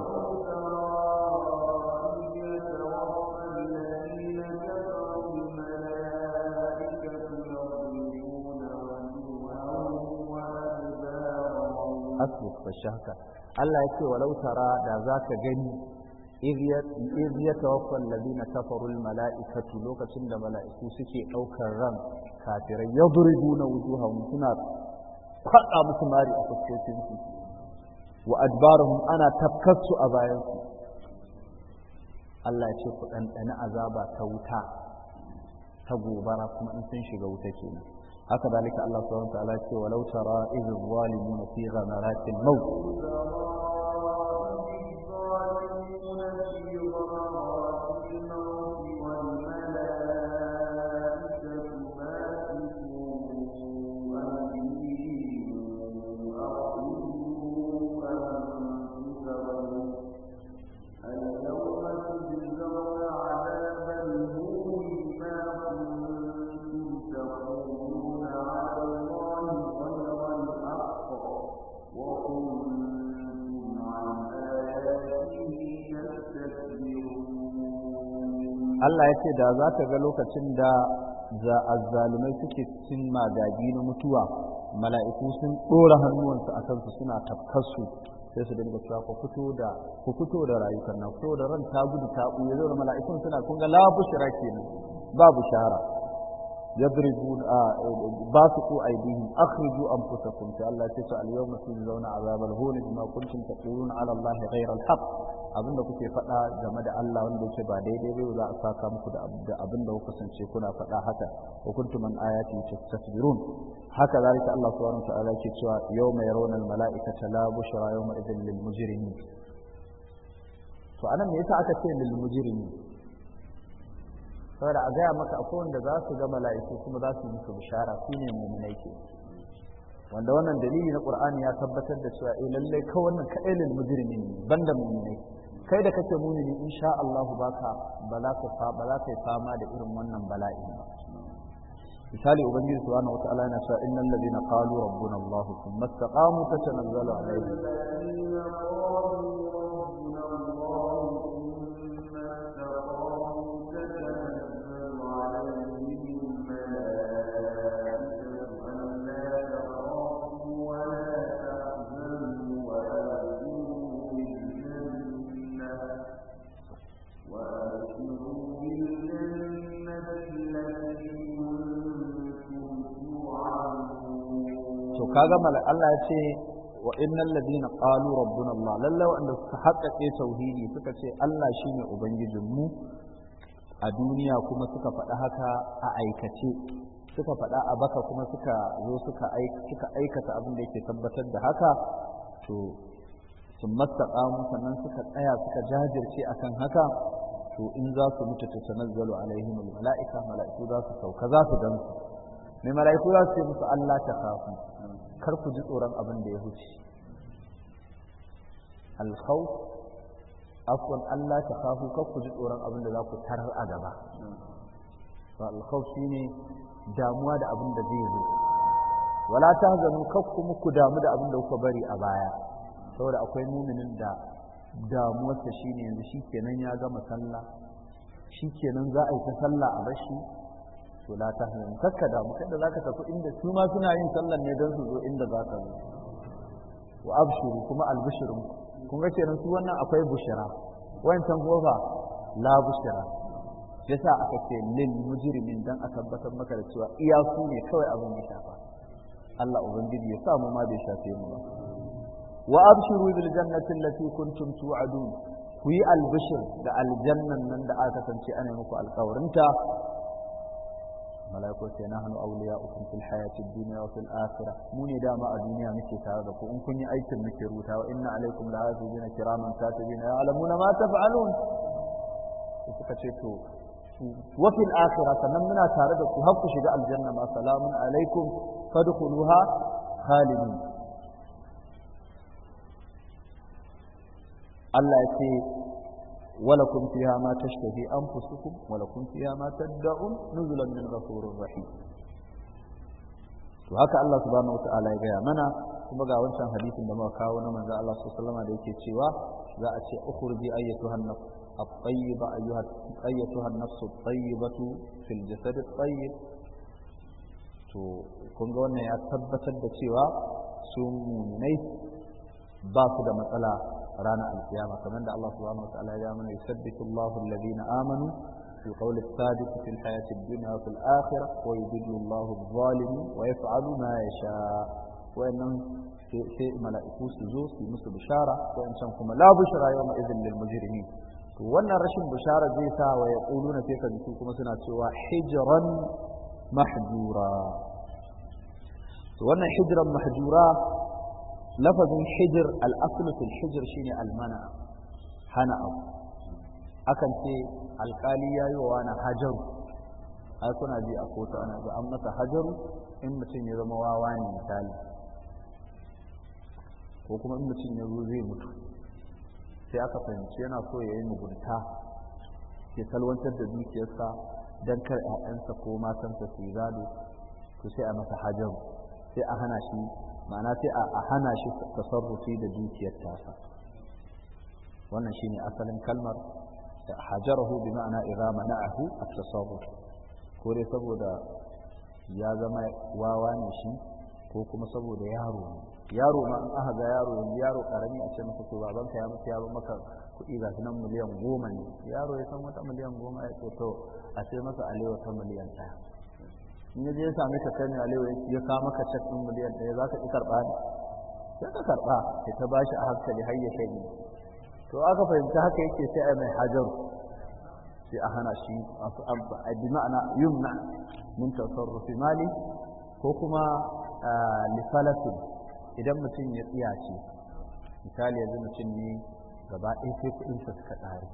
A: أسلق في الشهكة ألا يكي ولو ترى ذاك جني إذ يتوفى الذين كفروا الملائكة لوكة شند ملائكة سكي أو كرم كافرين يضربون وجوههم هنا فقط أبو سماري أفسكي wa adbarahum ana tafkassu a su Allah ya ce ku ɗanɗani azaba ta wuta ta gobara kuma in sun shiga wuta kenan haka dalika Allah subhanahu wa ta'ala ce walau tara idh zalimuna fi ghamaratil maut Allah ya ce da za ta ga lokacin da za azzalumai suke cin magagi na mutuwa mala'iku sun ɗora hannuwansu a kansu suna tafkarsu sai su dinga cewa ku fito da ku fito da rayukan na fito da ran ta gudu ta ɓuya zaura mala'ikun suna kun ga la kenan ba bushara yadribun basiqu aydihim akhriju anfusakum ta Allah ce to al zauna a azabal hun bima kuntum taquluna ala Allah ghayra abinda kuke faɗa game da Allah wanda yake ba daidai ba za a saka muku da abinda kuka kasance kuna faɗa haka wa kuntum an ayati tasbirun haka zalika Allah subhanahu wa ta'ala yake cewa yawma yarawna al-mala'ikata la bushra yawma idhil lil mujrimin to anan me yasa aka ce lil mujrimin saboda a gaya maka akwai wanda za su ga mala'iku kuma za su yi musu bishara su ne muminai ke wanda wannan dalili na qur'ani ya tabbatar da cewa eh lallai ka wannan kaɗai lil mujrimin banda muminai kai da kake mumini insha Allah baka ba za ka ba za ka fama da irin wannan bala'i ba misali ubangiji subhanahu wataala yana cewa innal ladina qalu rabbuna Allah thumma istaqamu tatanazzalu alaihim kaga Allah ya ce wa innal ladina qalu rabbuna Allah lalla wanda suka haƙaƙe tauhidi suka ce Allah shine ubangijin mu a duniya kuma suka faɗa haka a aikace suka faɗa a baka kuma suka zo suka suka aikata abin da yake tabbatar da haka to sun mastaƙamu sannan suka tsaya suka jajirce akan haka to in za su mutu ta tanazzalu alaihim mala'ika mala'iku za su sauka za su gansu mai mala'iku za su ce musu Allah ta kafu kar ku ji tsoron abin da ya huce alkhawf afwan Allah ta kafu kar ku ji tsoron abin da za ku tarar a gaba to alkhawf shine damuwa da abin da zai zo wala ta tahzanu kar ku muku damu da abin da kuka bari a baya saboda akwai muminin da damuwarsa shine yanzu shikenan ya gama sallah shikenan za a yi ta sallah a bashi to la tahzan kakka da mu kada zaka tafi inda su ma suna yin sallar ne don su zo inda za ka zo wa abshiru kuma albishirun kun ga kenan su wannan akwai bushira wancan kuma fa la bushira yasa aka ce lil mujrimin dan a tabbatar maka da cewa iya su ne kawai abin ya shafa Allah ubangiji ya sa mu ma bai shafe mu ba wa abshiru bil jannati allati kuntum tu'adun ku yi albishir da aljannan nan da aka kasance ana muku alkawarinta mala'iku sai nahnu awliya'ukum fil hayati dunya wa fil akhirah mu ne dama a duniya muke tare da ku in kun yi aikin muke ruta wa inna alaikum lahafizina kiraman katibina ya'lamuna ma taf'alun suka ce to wa fil akhirah sannan muna tare da ku har ku shiga aljanna ma salamun alaikum fadkhuluha khalidin Allah ya ce ولكم فيها ما تشتهي أنفسكم ولكم فيها ما تدعون نزلا من غفور رحيم to haka Allah subhanahu wata'ala ya gaya mana kuma ga wancan hadisin da muka kawo na manzo Allah sallallahu alaihi da yake cewa za a ce ukhruji ayyatuha an-nafs at-tayyiba ayyuha ayyatuha an-nafs at-tayyibatu fil jasad at-tayyib to kun ga wannan ya tabbatar da cewa su mu'minai ba su da matsala رانا القيامة kamar الله سبحانه وتعالى wataala ya mana yusabbitu Allahu alladhina في القول الثابت في الحياة الدنيا وفي الآخرة ويذل الله الظالم ويفعل ما يشاء وإنهم في ملائكو سزو في مثل بشارة وإن شمكم لا بشرى يومئذ للمجرمين وأن رشم بشارة زيسا ويقولون فيك بسوكم سنة سوى حجرا محجورا وأن حجرا محجورا lafazin hijir al'asulu hijir shi ne almana hana abu akan ce alkali ya yi wa na hajaru ai kuna ji a kotu ana ga an masa hajaru in mutum ya zama wawa ne misali ko kuma in mutum ya zo zai mutu sai aka fahimci yana so ya yi mugunta ke salwantar da dukiyarsa don kar 'ya'yansa ko matansa su yi gado to sai a masa hajaru sai a hana shi ma'ana sai a hana shi tasarrufi da dukiyar tasa wannan shine asalin kalmar da hajarahu bi ma'ana idza mana'ahu at-tasarruf ko dai saboda ya zama wawa ne shi ko kuma saboda yaro ne yaro ma an aka ga yaro yanzu yaro karami a ce masa to ka ya mutu ya bar maka kuɗi ga nan miliyan goma ne yaro ya san wata miliyan goma ya ce to a ce masa alewa ta miliyan ɗaya in ya je ya sami ka sani alewa ya ka maka cek ɗin miliyan ɗaya za ka ƙi karɓa ne ya ka karɓa ya ta bashi a hankali har ya shari to aka fahimta haka yake sai a mai hajar sai a hana shi a bi ma'ana yumna min tasarrufi mali ko kuma lifalatin idan mutum ya tsiyace misali yanzu mutum ne gaba ɗaya sai kuɗinsa suka ɗare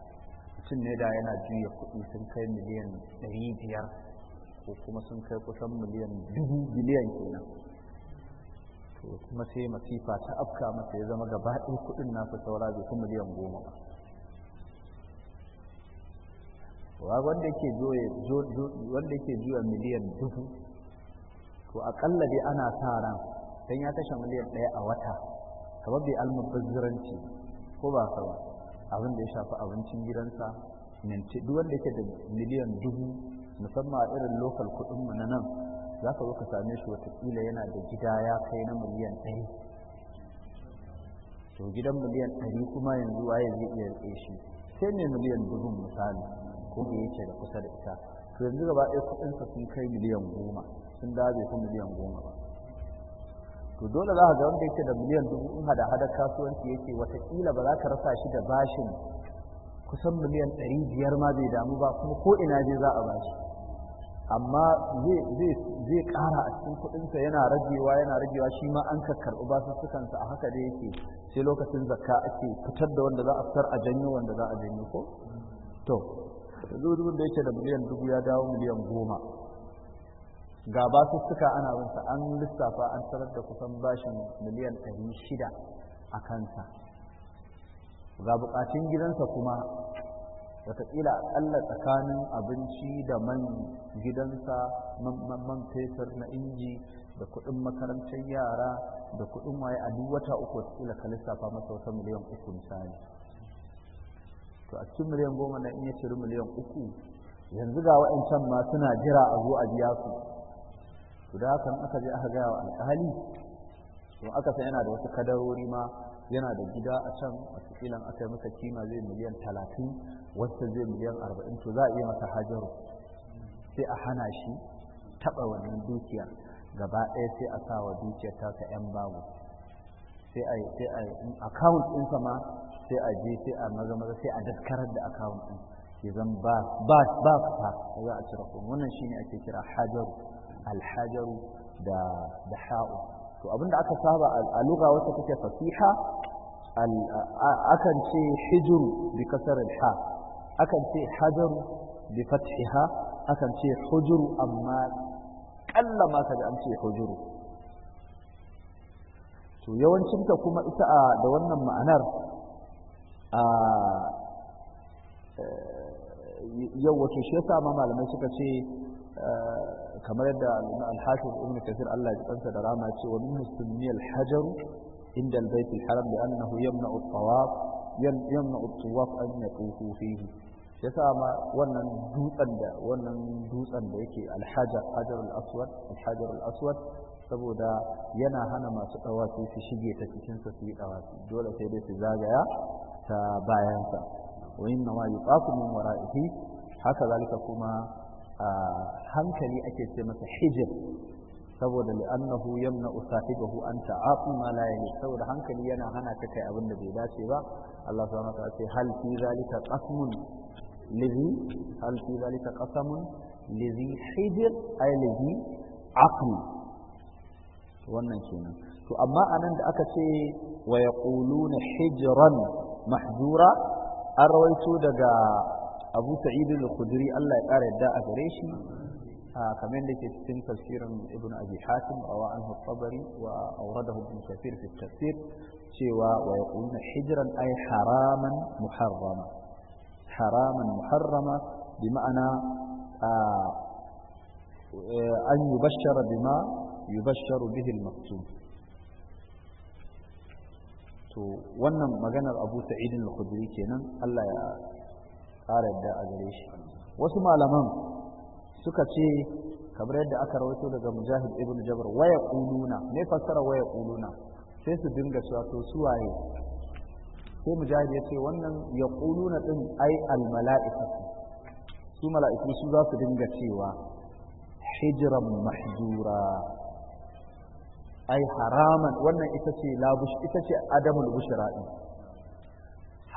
A: mutum ne da yana juya kuɗi sun kai miliyan ɗari biyar ko kuma sun kai kusan miliyan dubu biliyan kenan to kuma sai masifa ta afka masa ya zama gaba ɗaya kuɗin nasa saura bai kuma miliyan goma ba wanda yake wanda yake zuwa miliyan dubu to aƙalla dai ana sa ran dan ya kashe miliyan ɗaya a wata kamar bai almubazziranci ko ba ka ba abin da ya shafi abincin gidansa duk wanda yake da miliyan dubu musamman a irin lokal kuɗinmu na nan za ka zo ka same shi watakila yana da gida ya kai na miliyan ɗari to gidan miliyan ɗari kuma yanzu waye zai iya riƙe shi sai ne miliyan dubu misali ko da yake da kusa da ita to yanzu gaba ɗaya kuɗinsa sun kai miliyan goma sun da bai fi miliyan goma ba to dole za ka ga wanda yake da miliyan dubu in hada hada kasuwanci yake watakila ba za ka rasa shi da bashin kusan miliyan ɗari biyar ma bai damu ba kuma ko ina je za a bashi amma zai kara a cikin kudinsa yana ragewa yana ragewa shi ma an karɓi basussukansa a haka da yake sai lokacin zakka ake fitar da wanda za a fitar a janyo wanda za a janyo ko to yanzu da yake da miliyan dubu ya dawo miliyan goma ga basussuka ana binsa an lissafa an tarar da kusan bashin miliyan ɗari shida a kansa ga bukatun gidansa kuma wataƙila aƙalla tsakanin abinci da man gidansa man fetur na inji da kuɗin makarantar yara da kuɗin waye a duk wata uku wataƙila ka lissafa masa wata miliyan uku misali to a cikin miliyan goma na in ya ciri miliyan uku yanzu ga wa'ancan ma suna jira a zo a biya su to da haka aka je aka gaya wa alƙali to aka san yana da wasu kadarori ma yana da gida a can a cikilan aka yi masa kima zai miliyan talatin wacce zai miliyan arba'in to za a iya masa hajaru sai a hana shi taɓa wannan dukiya gaba ɗaya sai a sawa dukiyar ta ka yan babu sai a yi sai a yi account ɗin sama sai a je sai a maza maza sai a daskarar da account ɗin ya zan ba ba ba fa za a cire kuma wannan shine ake kira hajaru alhajaru da da ha'u to abinda aka saba a lugha wacce take fasiha akan ce hijr bi kasar al ha akan ce hajar bi fathiha akan ce hujur amma kalla ma kaji an ce hujur to yawancin ta kuma ita da wannan ma'anar a yau wato shi yasa ma malamai suka ce kamar yadda al-hafiz ibn kathir Allah ya kansa da rama ce wa min sunni al-hajar inda al-bayt al-haram da annahu yamna at-tawaf yamna at-tawaf an yatufu fihi yasa ma wannan dutsen da wannan dutsen da yake al-hajar hajar al-aswad al-hajar al-aswad saboda yana hana masu dawafi su shige ta cikin sa su yi dole sai dai su zagaya ta bayansa wa inna ma yuqafu min wara'ihi haka zalika kuma hankali ake ce masa hijir saboda li'annahu yamna'u sahibahu an ta'aqu ma la yali saboda hankali yana hana ka kai abin da bai dace ba Allah subhanahu wa ta'ala ce hal fi zalika qasmun lizi hal fi zalika qasamun lizi hijr ay lizi aql wannan kenan to amma anan da aka ce wa yaquluna hijran mahjura an rawaito daga abu sa'id al-khudri Allah ya ƙara yadda a gare shi kamar da ke cikin tafsirin ibn abi hatim rawa anhu tabari wa awradahu ibn kathir fi tafsir cewa wa yaquluna hijran ay haraman muharrama haraman muharrama bi ma'ana an yubashshara bima yubashsharu bihi al-maqtum to wannan maganar abu sa'id al-khudri kenan Allah ya ƙara yadda a gare shi wasu malaman suka ce kamar yadda aka rawaito daga mujahid ibn jabar waya kuluna mai fassara waya kuluna sai su dinga cewa to suwaye sai mujahid ya ce wannan ya kuluna din ai al su mala'iku su za su dinga cewa hijiran mahjura ai haraman wannan ita ce labush ita ce adamul bushra'i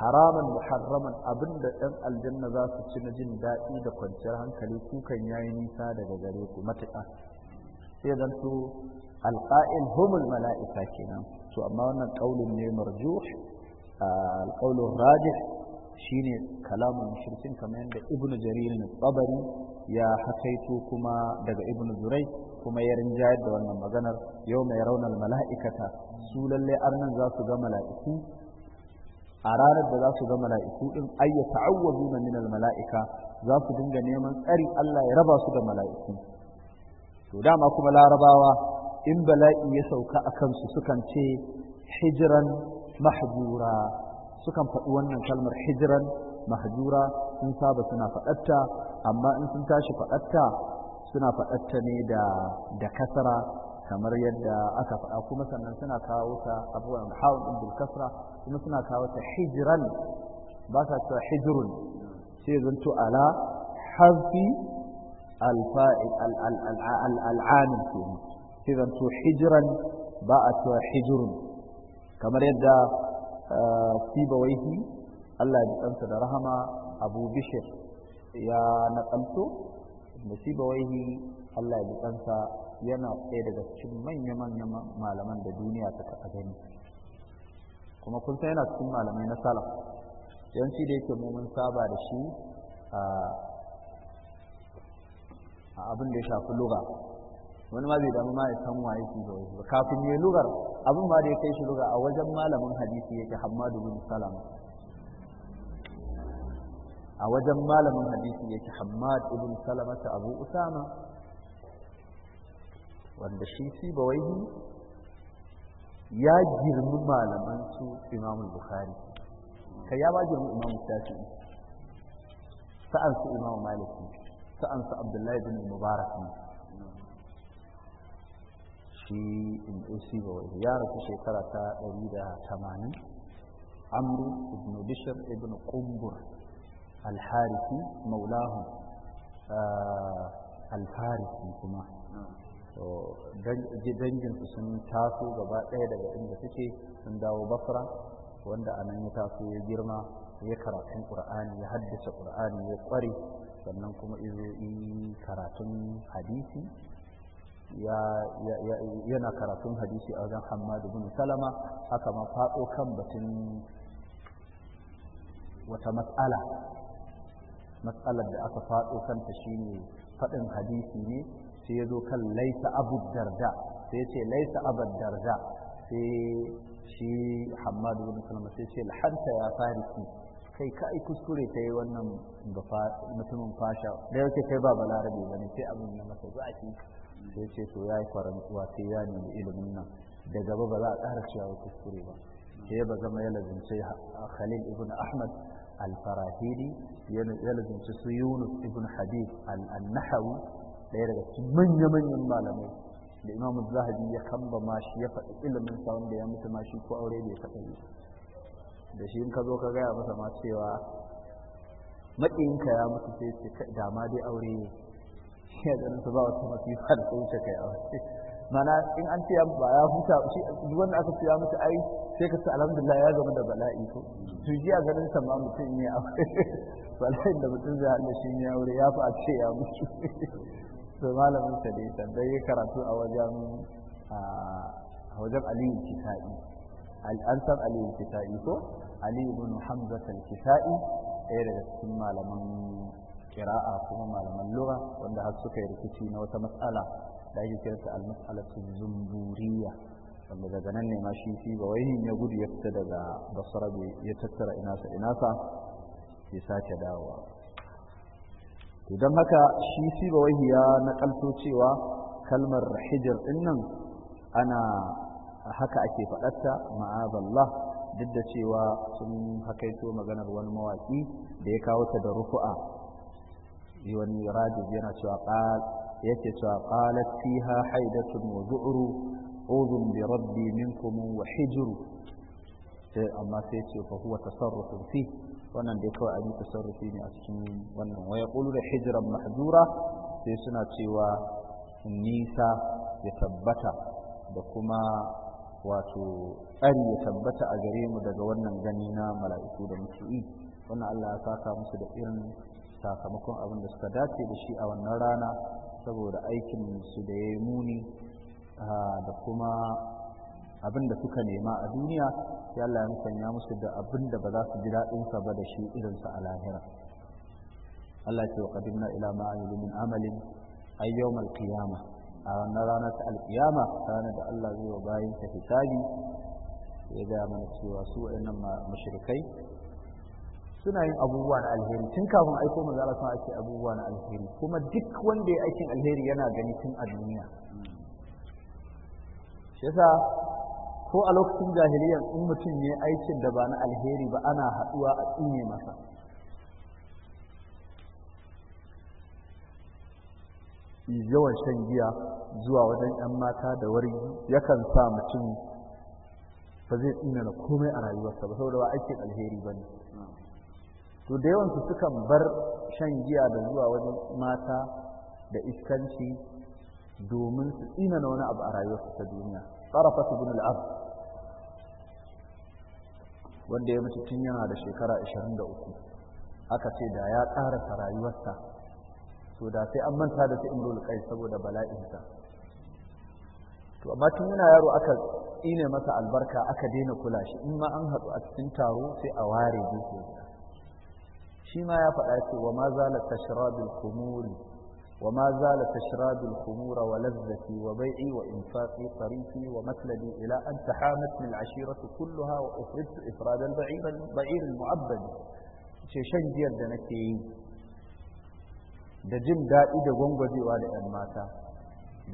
A: haraman muharraman abinda ɗan aljanna za su ci na jin daɗi da kwanciyar hankali kukan yi nisa daga gare ku matuƙa sai zan to alƙa'il humul mala'ika kenan to amma wannan ƙaulin ne marjuh alƙaulin shi shine kalamun mushrikin kamar yadda ibnu jarir tsabari ya hakaito kuma daga ibnu zurai kuma ya rinjayar da wannan maganar yau mai raunar mala'ikata su lalle arnan za su ga mala'iku a ranar da za su ga mala'iku din ayya na minal mala'ika za su dinga neman tsari Allah ya raba su da mala'iku to dama kuma larabawa in bala'i ya sauka a kansu sukan ce hijiran mahjura sukan faɗi wannan kalmar hijiran mahjura sun saba suna faɗatta amma in sun tashi faɗatta suna faɗatta ne da da kasara kamar yadda aka faɗa kuma sannan suna kawo ta abubuwan hawan ɗin kuma suna kawo ta hijiran ba sa cewa hijirun sai zanto ala harfi al'amin ke sai zanto hijiran ba a cewa hijirun kamar yadda sibawaihi eh, Allah ya ɗansa da rahama abu bishir ya naƙalto da sibawaihi Allah ya ɗansa yana ɗaya daga cikin manya-manyan malaman da duniya ta taɓa gani kuma kun san yana cikin malamai na salaf yanci da yake mun saba da shi a abin da ya shafi lura wani ma zai damu ma ya san waye shi da wasu kafin ya lugar abin ma da ya kai shi lugar a wajen malamin hadisi yake hamadu bin salama a wajen malamin hadisi yake hamadu ibn salama ta abu usama wanda shi shi sibawaihi ya girmi malaman su Imam bukhari kai ya ba girmi imamu shafi'i sa'an su imamu maliki sa'an su Abdullah bin mubarak shi in sibawaihi ya rasu shekara ta 180 عمرو ibn بشر بن قنبر الحارثي مولاهم آه الفارسي كما danginsu sun taso gaba ɗaya daga inda suke sun dawo basra wanda a nan ya taso ya girma ya karatun ƙur'ani ya haddasa ƙur'ani ya ƙware sannan kuma izo karatun hadisi yana karatun hadisi a wajen hamadu bin salama haka ma faɗo kan batun wata matsala matsalar da aka faɗo kanta shine faɗin hadisi ne sai ya zo kan laisa abu darda sai ya ce laisa abu darda sai shi hamad bin salama sai ce lahanta ya fariki kai kai kuskure ta yi wannan mutumin fasha da yake kai ba balarabe ba ne sai abin ya masa zaki sai ce to ya yi kwarantuwa sai ya nemi ilimin nan da gaba ba za a ƙara cewa kuskure ba sai ba zama ya lazimci khalil ibn ahmad al-farahidi ya su yunus ibn habib al-nahawi ɗaya daga cikin manya-manyan malamai da imam zahabi ya kamba ma shi, ya faɗi ilimin sa wanda ya mutu ma shi ko aure bai taɓa yi da shi in ka zo ka gaya masa ma cewa maɗinka ya mutu sai ce dama dai aure ne ya zan su ba wata mafi da wuce kai aure mana in an ce ba ya huta shi wanda aka ce ya mutu ai sai ka ce alhamdulillah ya gama da bala'i ko su ji a ganin sa ma mutum ne aure bala'in da mutum zai hannu shi ne aure ya fi a ce ya mutu to malamin sa dai sanda ya karatu a wajen a wajen aliyu kisa'i an aliyu kisa'i ko aliyu ibn hamza kisa'i ɗaya daga cikin malaman kira'a kuma malaman lura wanda har suka yi rikici na wata matsala da ake kiranta al-mas'alatu zumburiya wanda daga nan ne ma shi fi ba wai ya gudu ya fita daga basra ya tattara ina inasa ya sake dawowa to don haka shi sibawaihi ya nakalto cewa kalmar hijir din nan ana haka ake faɗarta ma'azallah duk da cewa sun hakaito maganar wani mawaƙi da ya kawo ta da rufu'a wani rajin yana cewa yake cewa qalat fiha haidatun wa zu'ru udhum bi rabbi minkum wa hijru amma sai ce fa huwa tasarrufun fi wannan dai kawai an yi tasarrufi ne a cikin wannan waya ƙulu da hijiran mahzura sai suna cewa nisa ya tabbata da kuma wato tsari ya tabbata a gare mu daga wannan gani na mala'iku da muke yi wannan Allah ya saka musu da irin sakamakon abin da suka dace da shi a wannan rana saboda aikin su da ya yi muni ah, da kuma abin da suka nema a duniya ya Allah ya musanya musu da abin da ba za su ji daɗinsa ba da shi irinsa a lahira Allah ce wa qadimna ila ma amilu min amalin ay yawm al-qiyama a wannan ranar ta al-qiyama ranar da Allah zai wa bayin ta hisabi ya ga mana cewa su waɗannan mashirikai? suna yin abubuwa na alheri tun kafin aiko manzo Allah sun ake abubuwa na alheri kuma duk wanda ya aikin alheri yana gani tun a duniya shi yasa ko a lokacin jahiliyar in mutum ne aikin da ba na alheri ba ana haɗuwa a tsine masa yawan shan giya zuwa wajen 'yan mata da wari yakan sa mutum ba zai tsina da komai a rayuwarsa ba saboda ba aikin alheri ba ne to da yawansu sukan bar shan giya da zuwa wajen mata da iskanci domin su tsina na wani abu a rayuwarsa ta duniya tsara su bin wanda ya mutu tun yana da shekara 23 aka ce da ya ƙarasa rayuwarsa to da sai an manta da su imrul kai saboda bala'insa to amma tun yana yaro aka tsine masa albarka aka daina kula shi in ma an haɗu a cikin taro sai a ware gefe shi ma ya faɗa ce wa ma zalat tashrabul kumuri وما زال تشراب الخمور ولذتي وبيعي وإنفاقي طريفي ومثلدي إلى أن تحامتني العشيرة كلها وأفردت إفراد البعير البعير المعبد شيشان جير دنكي دجن دائد ونغذي والي أنماتا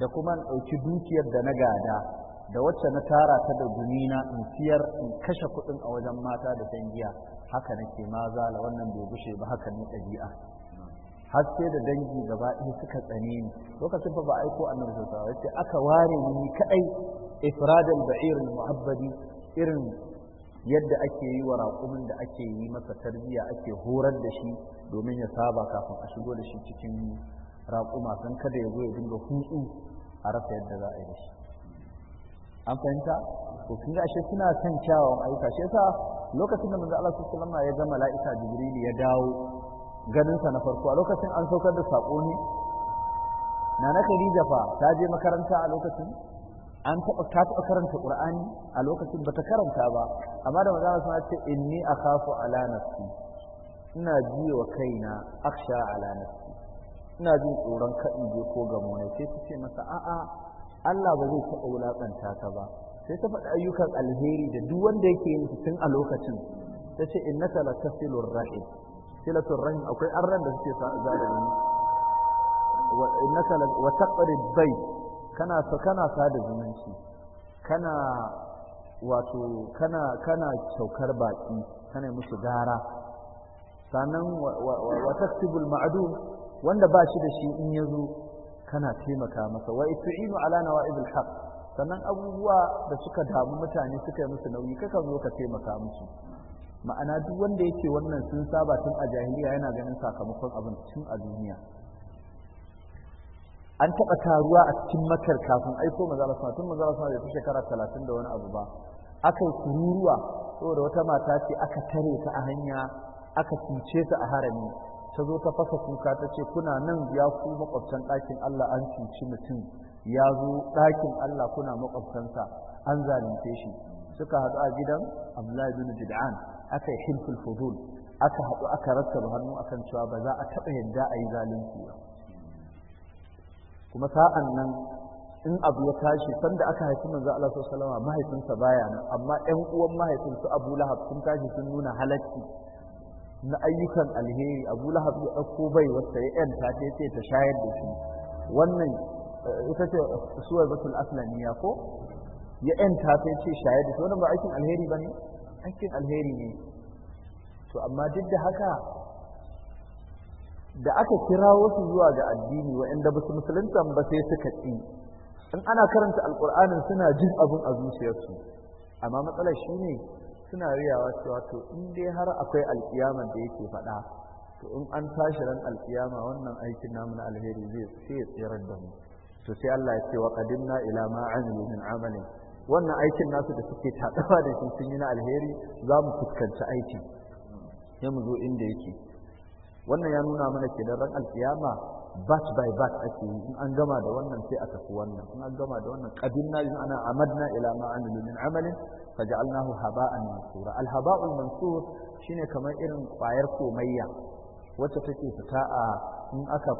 A: دكمان أو كدوكي دنكادا دوتش نتارا تدو دنينا انتير انكشف ان أوزماتا دتنجيا حكا نكي ما زال ونن بوشي بحكا نتجيئا har sai da dangi gaba ɗaya suka tsane ni lokacin fa ba aiko annabi sallallahu alaihi wasallam aka ware ni kadai ifradan ba'ir muhabbadi irin yadda ake yi wa raƙumin da ake yi masa tarbiyya ake horar da shi domin ya saba kafin a shigo da shi cikin raƙuma san kada ya zo ya dinga hutsu a rasa yadda za a yi da shi an fahimta to kun ga ashe suna son kyawawan ayyuka shi yasa lokacin da manzo Allah sallallahu alaihi wasallam ya ga mala'ika Jibril ya dawo ganinsa na farko a lokacin an saukar da saƙo ne na na khadija fa ta je makaranta a lokacin an taɓa ta taɓa karanta qur'ani a lokacin ba ta karanta ba amma da manzo Allah ce inni akhafu ala nafsi ina ji wa kaina aksha ala nafsi ina jin tsoron kaɗi je ko gamo ne sai ta ce masa a'a Allah ba zai taɓa wulaƙanta ka ba sai ta faɗi ayyukan alheri da duk wanda yake yin tun a lokacin ta ce innaka la tasilur rahim silatul rahim akwai arran da suke zalimi wa innaka wa taqrid bay kana so kana sada zumunci kana wato kana kana saukar baki kana musu gara sannan wa taktibul ma'dum wanda ba shi da shi in yazo kana taimaka masa wa itu'inu ala nawa'ibil haqq sannan abubuwa da suka damu mutane suka yi musu nauyi kakan zo ka taimaka musu ma'ana duk wanda yake wannan sun saba tun a jahiliya yana ganin sakamakon abin tun a duniya an taɓa taruwa a cikin makar kafin aiko mazalasma tun mazalasma bai fi shekara talatin da wani abu ba aka yi kururuwa saboda wata mata ce aka tare ta a hanya aka cuce ta a harami ta zo ta fasa kuka ta ce kuna nan ya ku makwabtan ɗakin Allah an cuci mutum ya zo ɗakin Allah kuna makwabtansa an zalunce shi suka haɗu a gidan Abdullahi bin Jid'an aka yi hilful fudul aka haɗu aka rattaba hannu akan cewa ba za a taɓa yadda a yi zalunci ba kuma sa'an nan in abu ya tashi sanda aka haifi manzo Allah sallallahu mahaifinsa baya nan amma ɗan uwan mahaifin su Abu Lahab sun tashi sun nuna halacci na ayyukan alheri Abu Lahab ya ɗauko bai wacce ya yanta ta ce ta shayar da shi wannan eh, ita ce suwar batul aslamiya ko ya yanta ta ce shayar da shi wannan ba aikin alheri ba ne? aikin alheri ne to amma duk da haka da aka kira wasu zuwa ga addini waɗanda ba su musulunta ba sai suka ci in ana karanta alƙur'anin suna jin abun a zuciyarsu amma matsalar shi ne suna riyawa cewa to in dai har akwai alƙiyama da yake faɗa to in an tashi ran alƙiyama wannan aikin namu na alheri zai sai da mu to sai Allah ya ce wa qadimna ila ma amilu min amalin wannan aikin nasu da suke taɗawa da shi sun yi na alheri za mu fuskanci aiki. sai mu zo inda yake wannan ya nuna mana ke ran alkiyama bat by bat ake yi in an gama da wannan sai a tafi wannan in an gama da wannan na yin ana amadna ila ma amilu min amalin faj'alnahu haba'an mansura al haba'ul mansur shine kamar irin kwayar komayya wacce take fita a in aka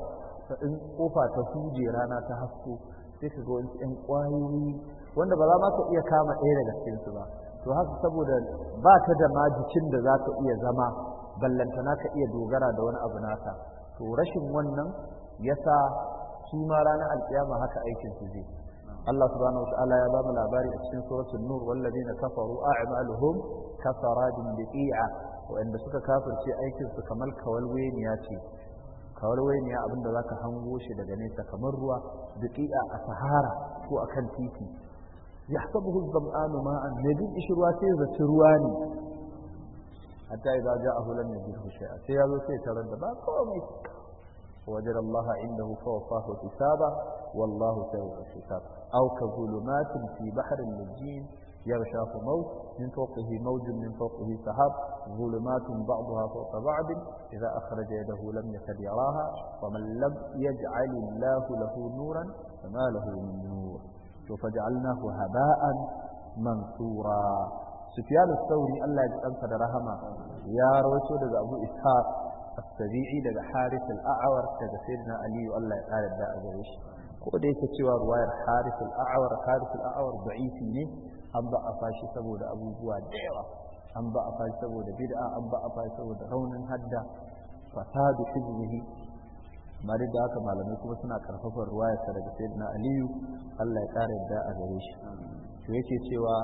A: in kofa ta huje rana ta hasko sai ka ga wani ɗan ƙwayoyi wanda ba za ma ka iya kama ɗaya daga cikinsu ba to haka saboda ba ka da ma jikin da za ka iya zama ballantana ka iya dogara da wani abu naka to rashin wannan ya su ma ranar alƙiyama haka aikin su zai Allah subhanahu wa ta'ala ya ba mu labari a cikin suratul nur wallazina kafaru a'maluhum kasaradin bi'a wa'anda suka kafirce aikin su kamar kawalweniya ce kawar wai abin da zaka hango shi daga nesa kamar ruwa daƙiƙa a sahara ko a kan titi ya sabuhu zam'anu ma'an ne duk ishirwa sai zaci ruwa ne hatta idza ja'ahu lam yajidhu shay'a sai yazo sai tarar da ba komai وجد الله عنده فوفاه حسابا والله سريع Auka أو كظلمات في بحر اللجين يغشاه موت من فوقه موج من فوقه سحاب ظلمات بعضها فوق بعض إذا أخرج يده لم يكد يراها ومن لم يجعل الله له نورا فما له من نور جعلناه هباء منثورا سفيان الثوري الله يجعلك رحمه يا رسول أبو إسحاق السبيعي لدى حارث الأعور كذا سيدنا علي Ali Allah ya kare da a gare shi ko da yake cewa an ba a fashi saboda abubuwa da yawa an ba a fashi saboda bid'a an ba a fashi saboda raunin hadda fasadu hizbihi mari da haka malamai kuma suna karfafar ruwayarsa daga na aliyu Allah ya kara yadda a gare shi to yake cewa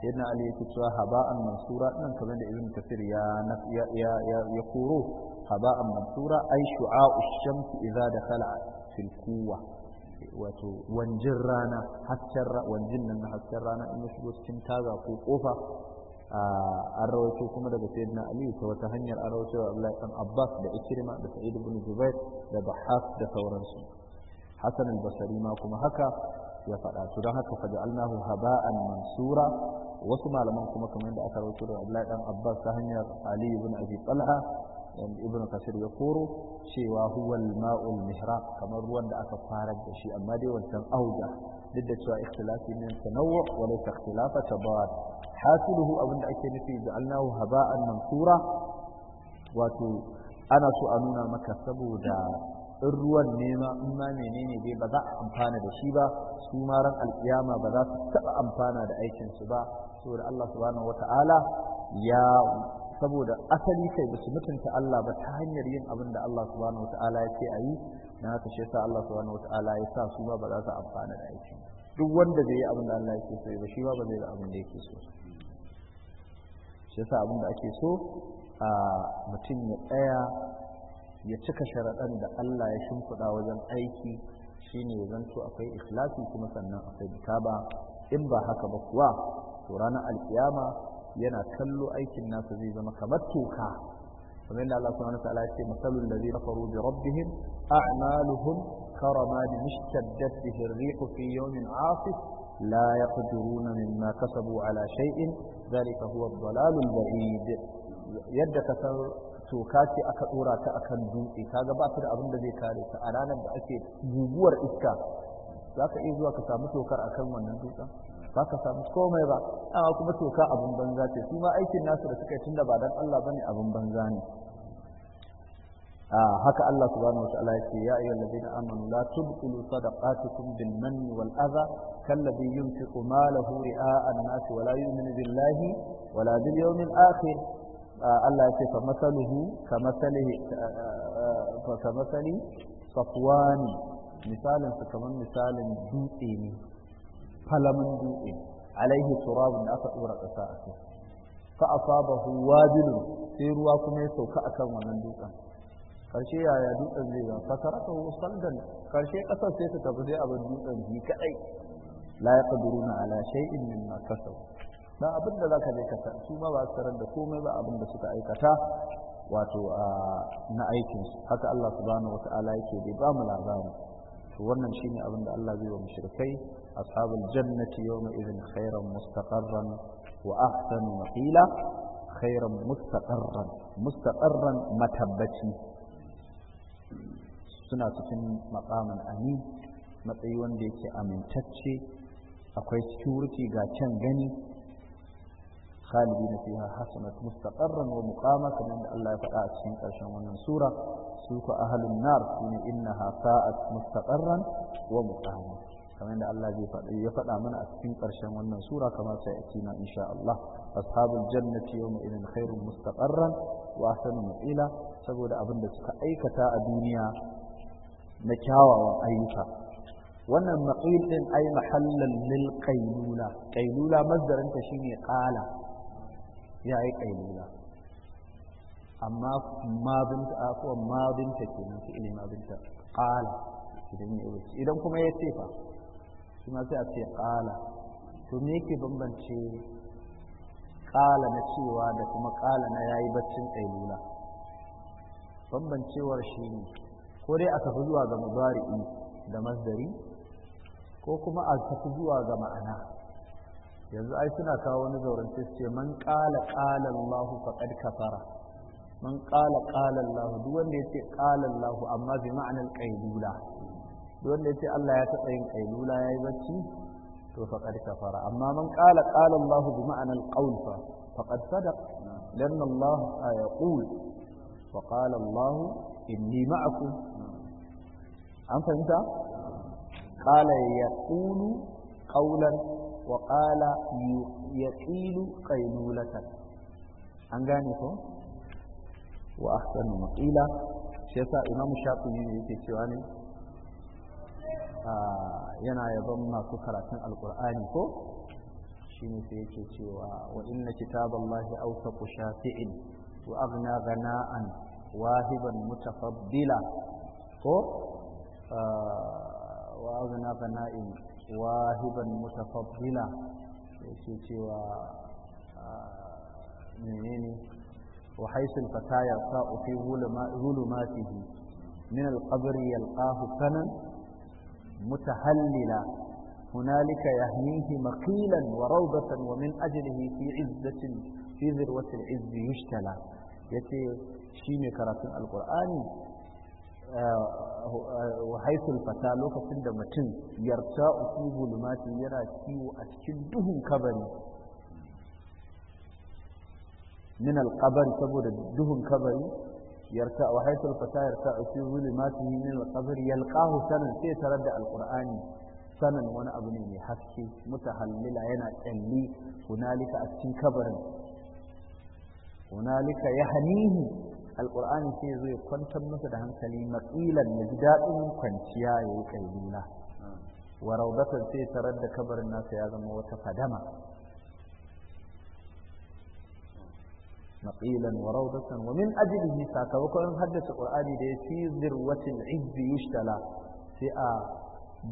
A: sayyidina ali yake cewa haba'an mansura nan kamar da ibn kafir ya ya ya koro haba'an mansura ai shu'a'u shamsi idza dakhala fil quwwa wato wanjin rana hasken wanjin nan na hasken rana in ya shigo cikin taga ko kofa an rawaito kuma daga sayyidina ali ta wata hanyar an rawaito wa Abdullahi dan Abbas da Ikrima da Sa'id ibn Zubair da Bahas da sauransu Hassan al-Basri ma kuma haka ya faɗa to don haka faja'alnahu haba'an mansura wasu malaman kuma kamar yadda aka rawaito da Abdullahi dan Abbas ta hanyar Ali ibn Abi Talha wanda ibn kasir ya koro cewa huwal ma'ul mihraq kamar ruwan da aka fara da shi amma dai wancan auga duk da cewa ikhtilafi min tanawwu wa laysa ikhtilafa tabad hasiluhu da ake nufi da allahu haba'an mansura wato ana so a nuna maka saboda in ruwan nema in ma menene dai ba za a amfana da shi ba su ma ran alkiyama ba za su taba amfana da aikinsu ba saboda Allah subhanahu ta'ala ya saboda asali kai ba su mutunta Allah ba ta hanyar yin abin da Allah subhanahu wata'ala ya ce a yi na haka shi yasa Allah subhanahu wata'ala ya sa su ba ba za su amfana da aikin duk wanda bai yi abin da Allah yake so ba shi ma ba zai yi abin da yake so shi yasa abin da ake so a mutum ya tsaya ya cika sharaɗan da Allah ya shimfiɗa wajen aiki shine ya zanto akwai ikhlasi kuma sannan akwai ba in ba haka ba kuwa to ranar alkiyama yana kallo aikin nasa zai zama kamar toka kamar yadda Allah subhanahu wa ta'ala ya ce masalul ladina kafaru bi rabbihim a'maluhum karamadi كرماد اشتدت به الريح في يوم عاصف لا يقدرون مما كسبوا على شيء ذلك هو الضلال baid yadda ka san toka ce aka dora ta akan dutse kaga ba ba da abin da zai kare ta a ranar da ake guguwar iska za ka iya zuwa ka samu tokar akan wannan dutsen ba ka samu komai ba amma kuma toka abin banza ce su ma aikin nasu da suka yi tunda ba dan Allah bane abin banza ne haka Allah subhanahu wataala yake ya ayyuhal ladina amanu la tubtilu sadaqatukum bil manni wal adha kalladhi yunfiqu malahu ri'a an-nas wa la yu'minu billahi wa la bil yawmil akhir Allah yake fa masaluhu ka masalihi fa ka masali safwani misalin su kamar misalin dutse ne falaman dutse alaihi turabun da aka dora ƙasa a kai fa asabahu wabilun sai ruwa kuma ya sauka akan wannan dutsen karshe yaya dutsen zai ba fakarata saldan karshe ƙasar sai ta tafi sai abin dutsen ji kadai la yaqdiruna ala shay'in mimma kasabu dan abin da zaka je ka su ma ba su tarar da komai ba abin da suka aikata wato na aikin haka Allah subhanahu wata'ala yake bai ba mu labari to wannan shine abin da Allah zai wa mushrikai أصحاب الجنة يومئذ خيرا مستقرا وأحسن وقيلا خيرا مستقرا مستقرا متبتي سنة سن مقاما أمين مطيون ديك أمين تتشي أقوي سكورتي غا غني خالدين فيها حسنة مستقرا ومقاما كما أن الله يفعل أسفين آية كرشان سورة سوك أهل النار إنها فاءت مستقرا ومقاما kamar da Allah zai faɗi ya faɗa mana a cikin ƙarshen wannan sura kamar sai a cina insha Allah ashabul jannati yawma idin khairun mustaqarran wa ahsanu ma'ila saboda abin da suka aikata a duniya na kyawawan ayyuka wannan maqil din ai mahallan lil qailula qailula masdarin ta shine qala ya ai qailula amma ma binta afwan ma binta kenan fi'il ma binta qala idan idan kuma ya ce fa shi ma sai a ce ƙala to me yake bambance ƙala na cewa da kuma ƙala na yayi baccin ƙailula bambancewar shi ne ko dai a tafi zuwa ga mubari'i da masdari ko kuma a tafi zuwa ga ma'ana yanzu ai suna kawo wani zauren sai ce man ƙala ƙala Allahu faqad kafara man ƙala ƙala Allahu duk wanda ya ce ƙala Allahu amma bi ma'anar ƙailula wanda ya ce Allah ya taɓa yin ƙailula ya yi bacci to faƙad kafara amma man ƙala ƙala Allah bi ma'anar ƙaul fa faƙad sadaq lan Allah yaqul wa qala Allah inni ma'akum an fahimta qala yaqulu qawlan wa qala yaqilu qailulatan an gane ko wa ahsanu maqila shi yasa imamu shafi'i ne yake cewa ne yana yaban masu karatun alkur'ani ko shine sai yake cewa wa inna kitaballahi ku shafi'in wa aghna ghana'an wahiban mutafaddila ko wa aghna ghana'in wahiban mutafaddila yake cewa menene wa haisul fataya sa'u fi zulumatihi min al-qabri yalqahu kanan. متهللا هنالك يهنيه مقيلا وروضة ومن أجله في عزة في ذروة العز يشتلى يتي شيني كراتين القرآن وحيث آه، آه، الفتاة لوكا سند متن يرتاء في ظلمات يرى كيو أشده كبري من القبر تبود دهم كبري yarka wa haytul fata yarka fi zulumatihi min al-qabr yalqahu sanan sai tarar da alqur'ani sanin wani abu ne mai haske mutahallila yana tsalli hunalika a cikin kabarin hunalika yahnihi alqur'ani sai yazo ya kwantar masa da hankali matsilan ya ji dadin kwanciya yayi kailula wa raudatan sai tarar da kabarin nasa ya zama wata fadama نقيلا وروضة ومن أجله ساكوكا حدث القرآن دي في ذروة العز يشتلى في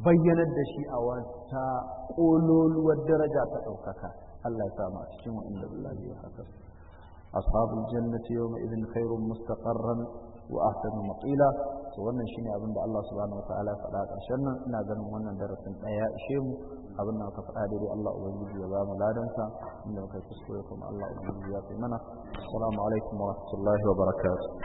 A: بينا الدشي أوان تا قولول والدرجة تأوكك الله يسامع تشمع إن الله يحكس أصحاب الجنة يومئذ خير مستقرا وأحسن مقيلا wannan shine abin da Allah subhanahu wataala ya faɗa a ƙarshen nan ina ganin wannan darasin ɗaya ishe mu abin da aka faɗa daidai Allah ubangiji ya ba mu ladansa inda muka kuskure kuma Allah ubangiji ya kai mana assalamu alaikum wa rahmatullahi wa barakatuh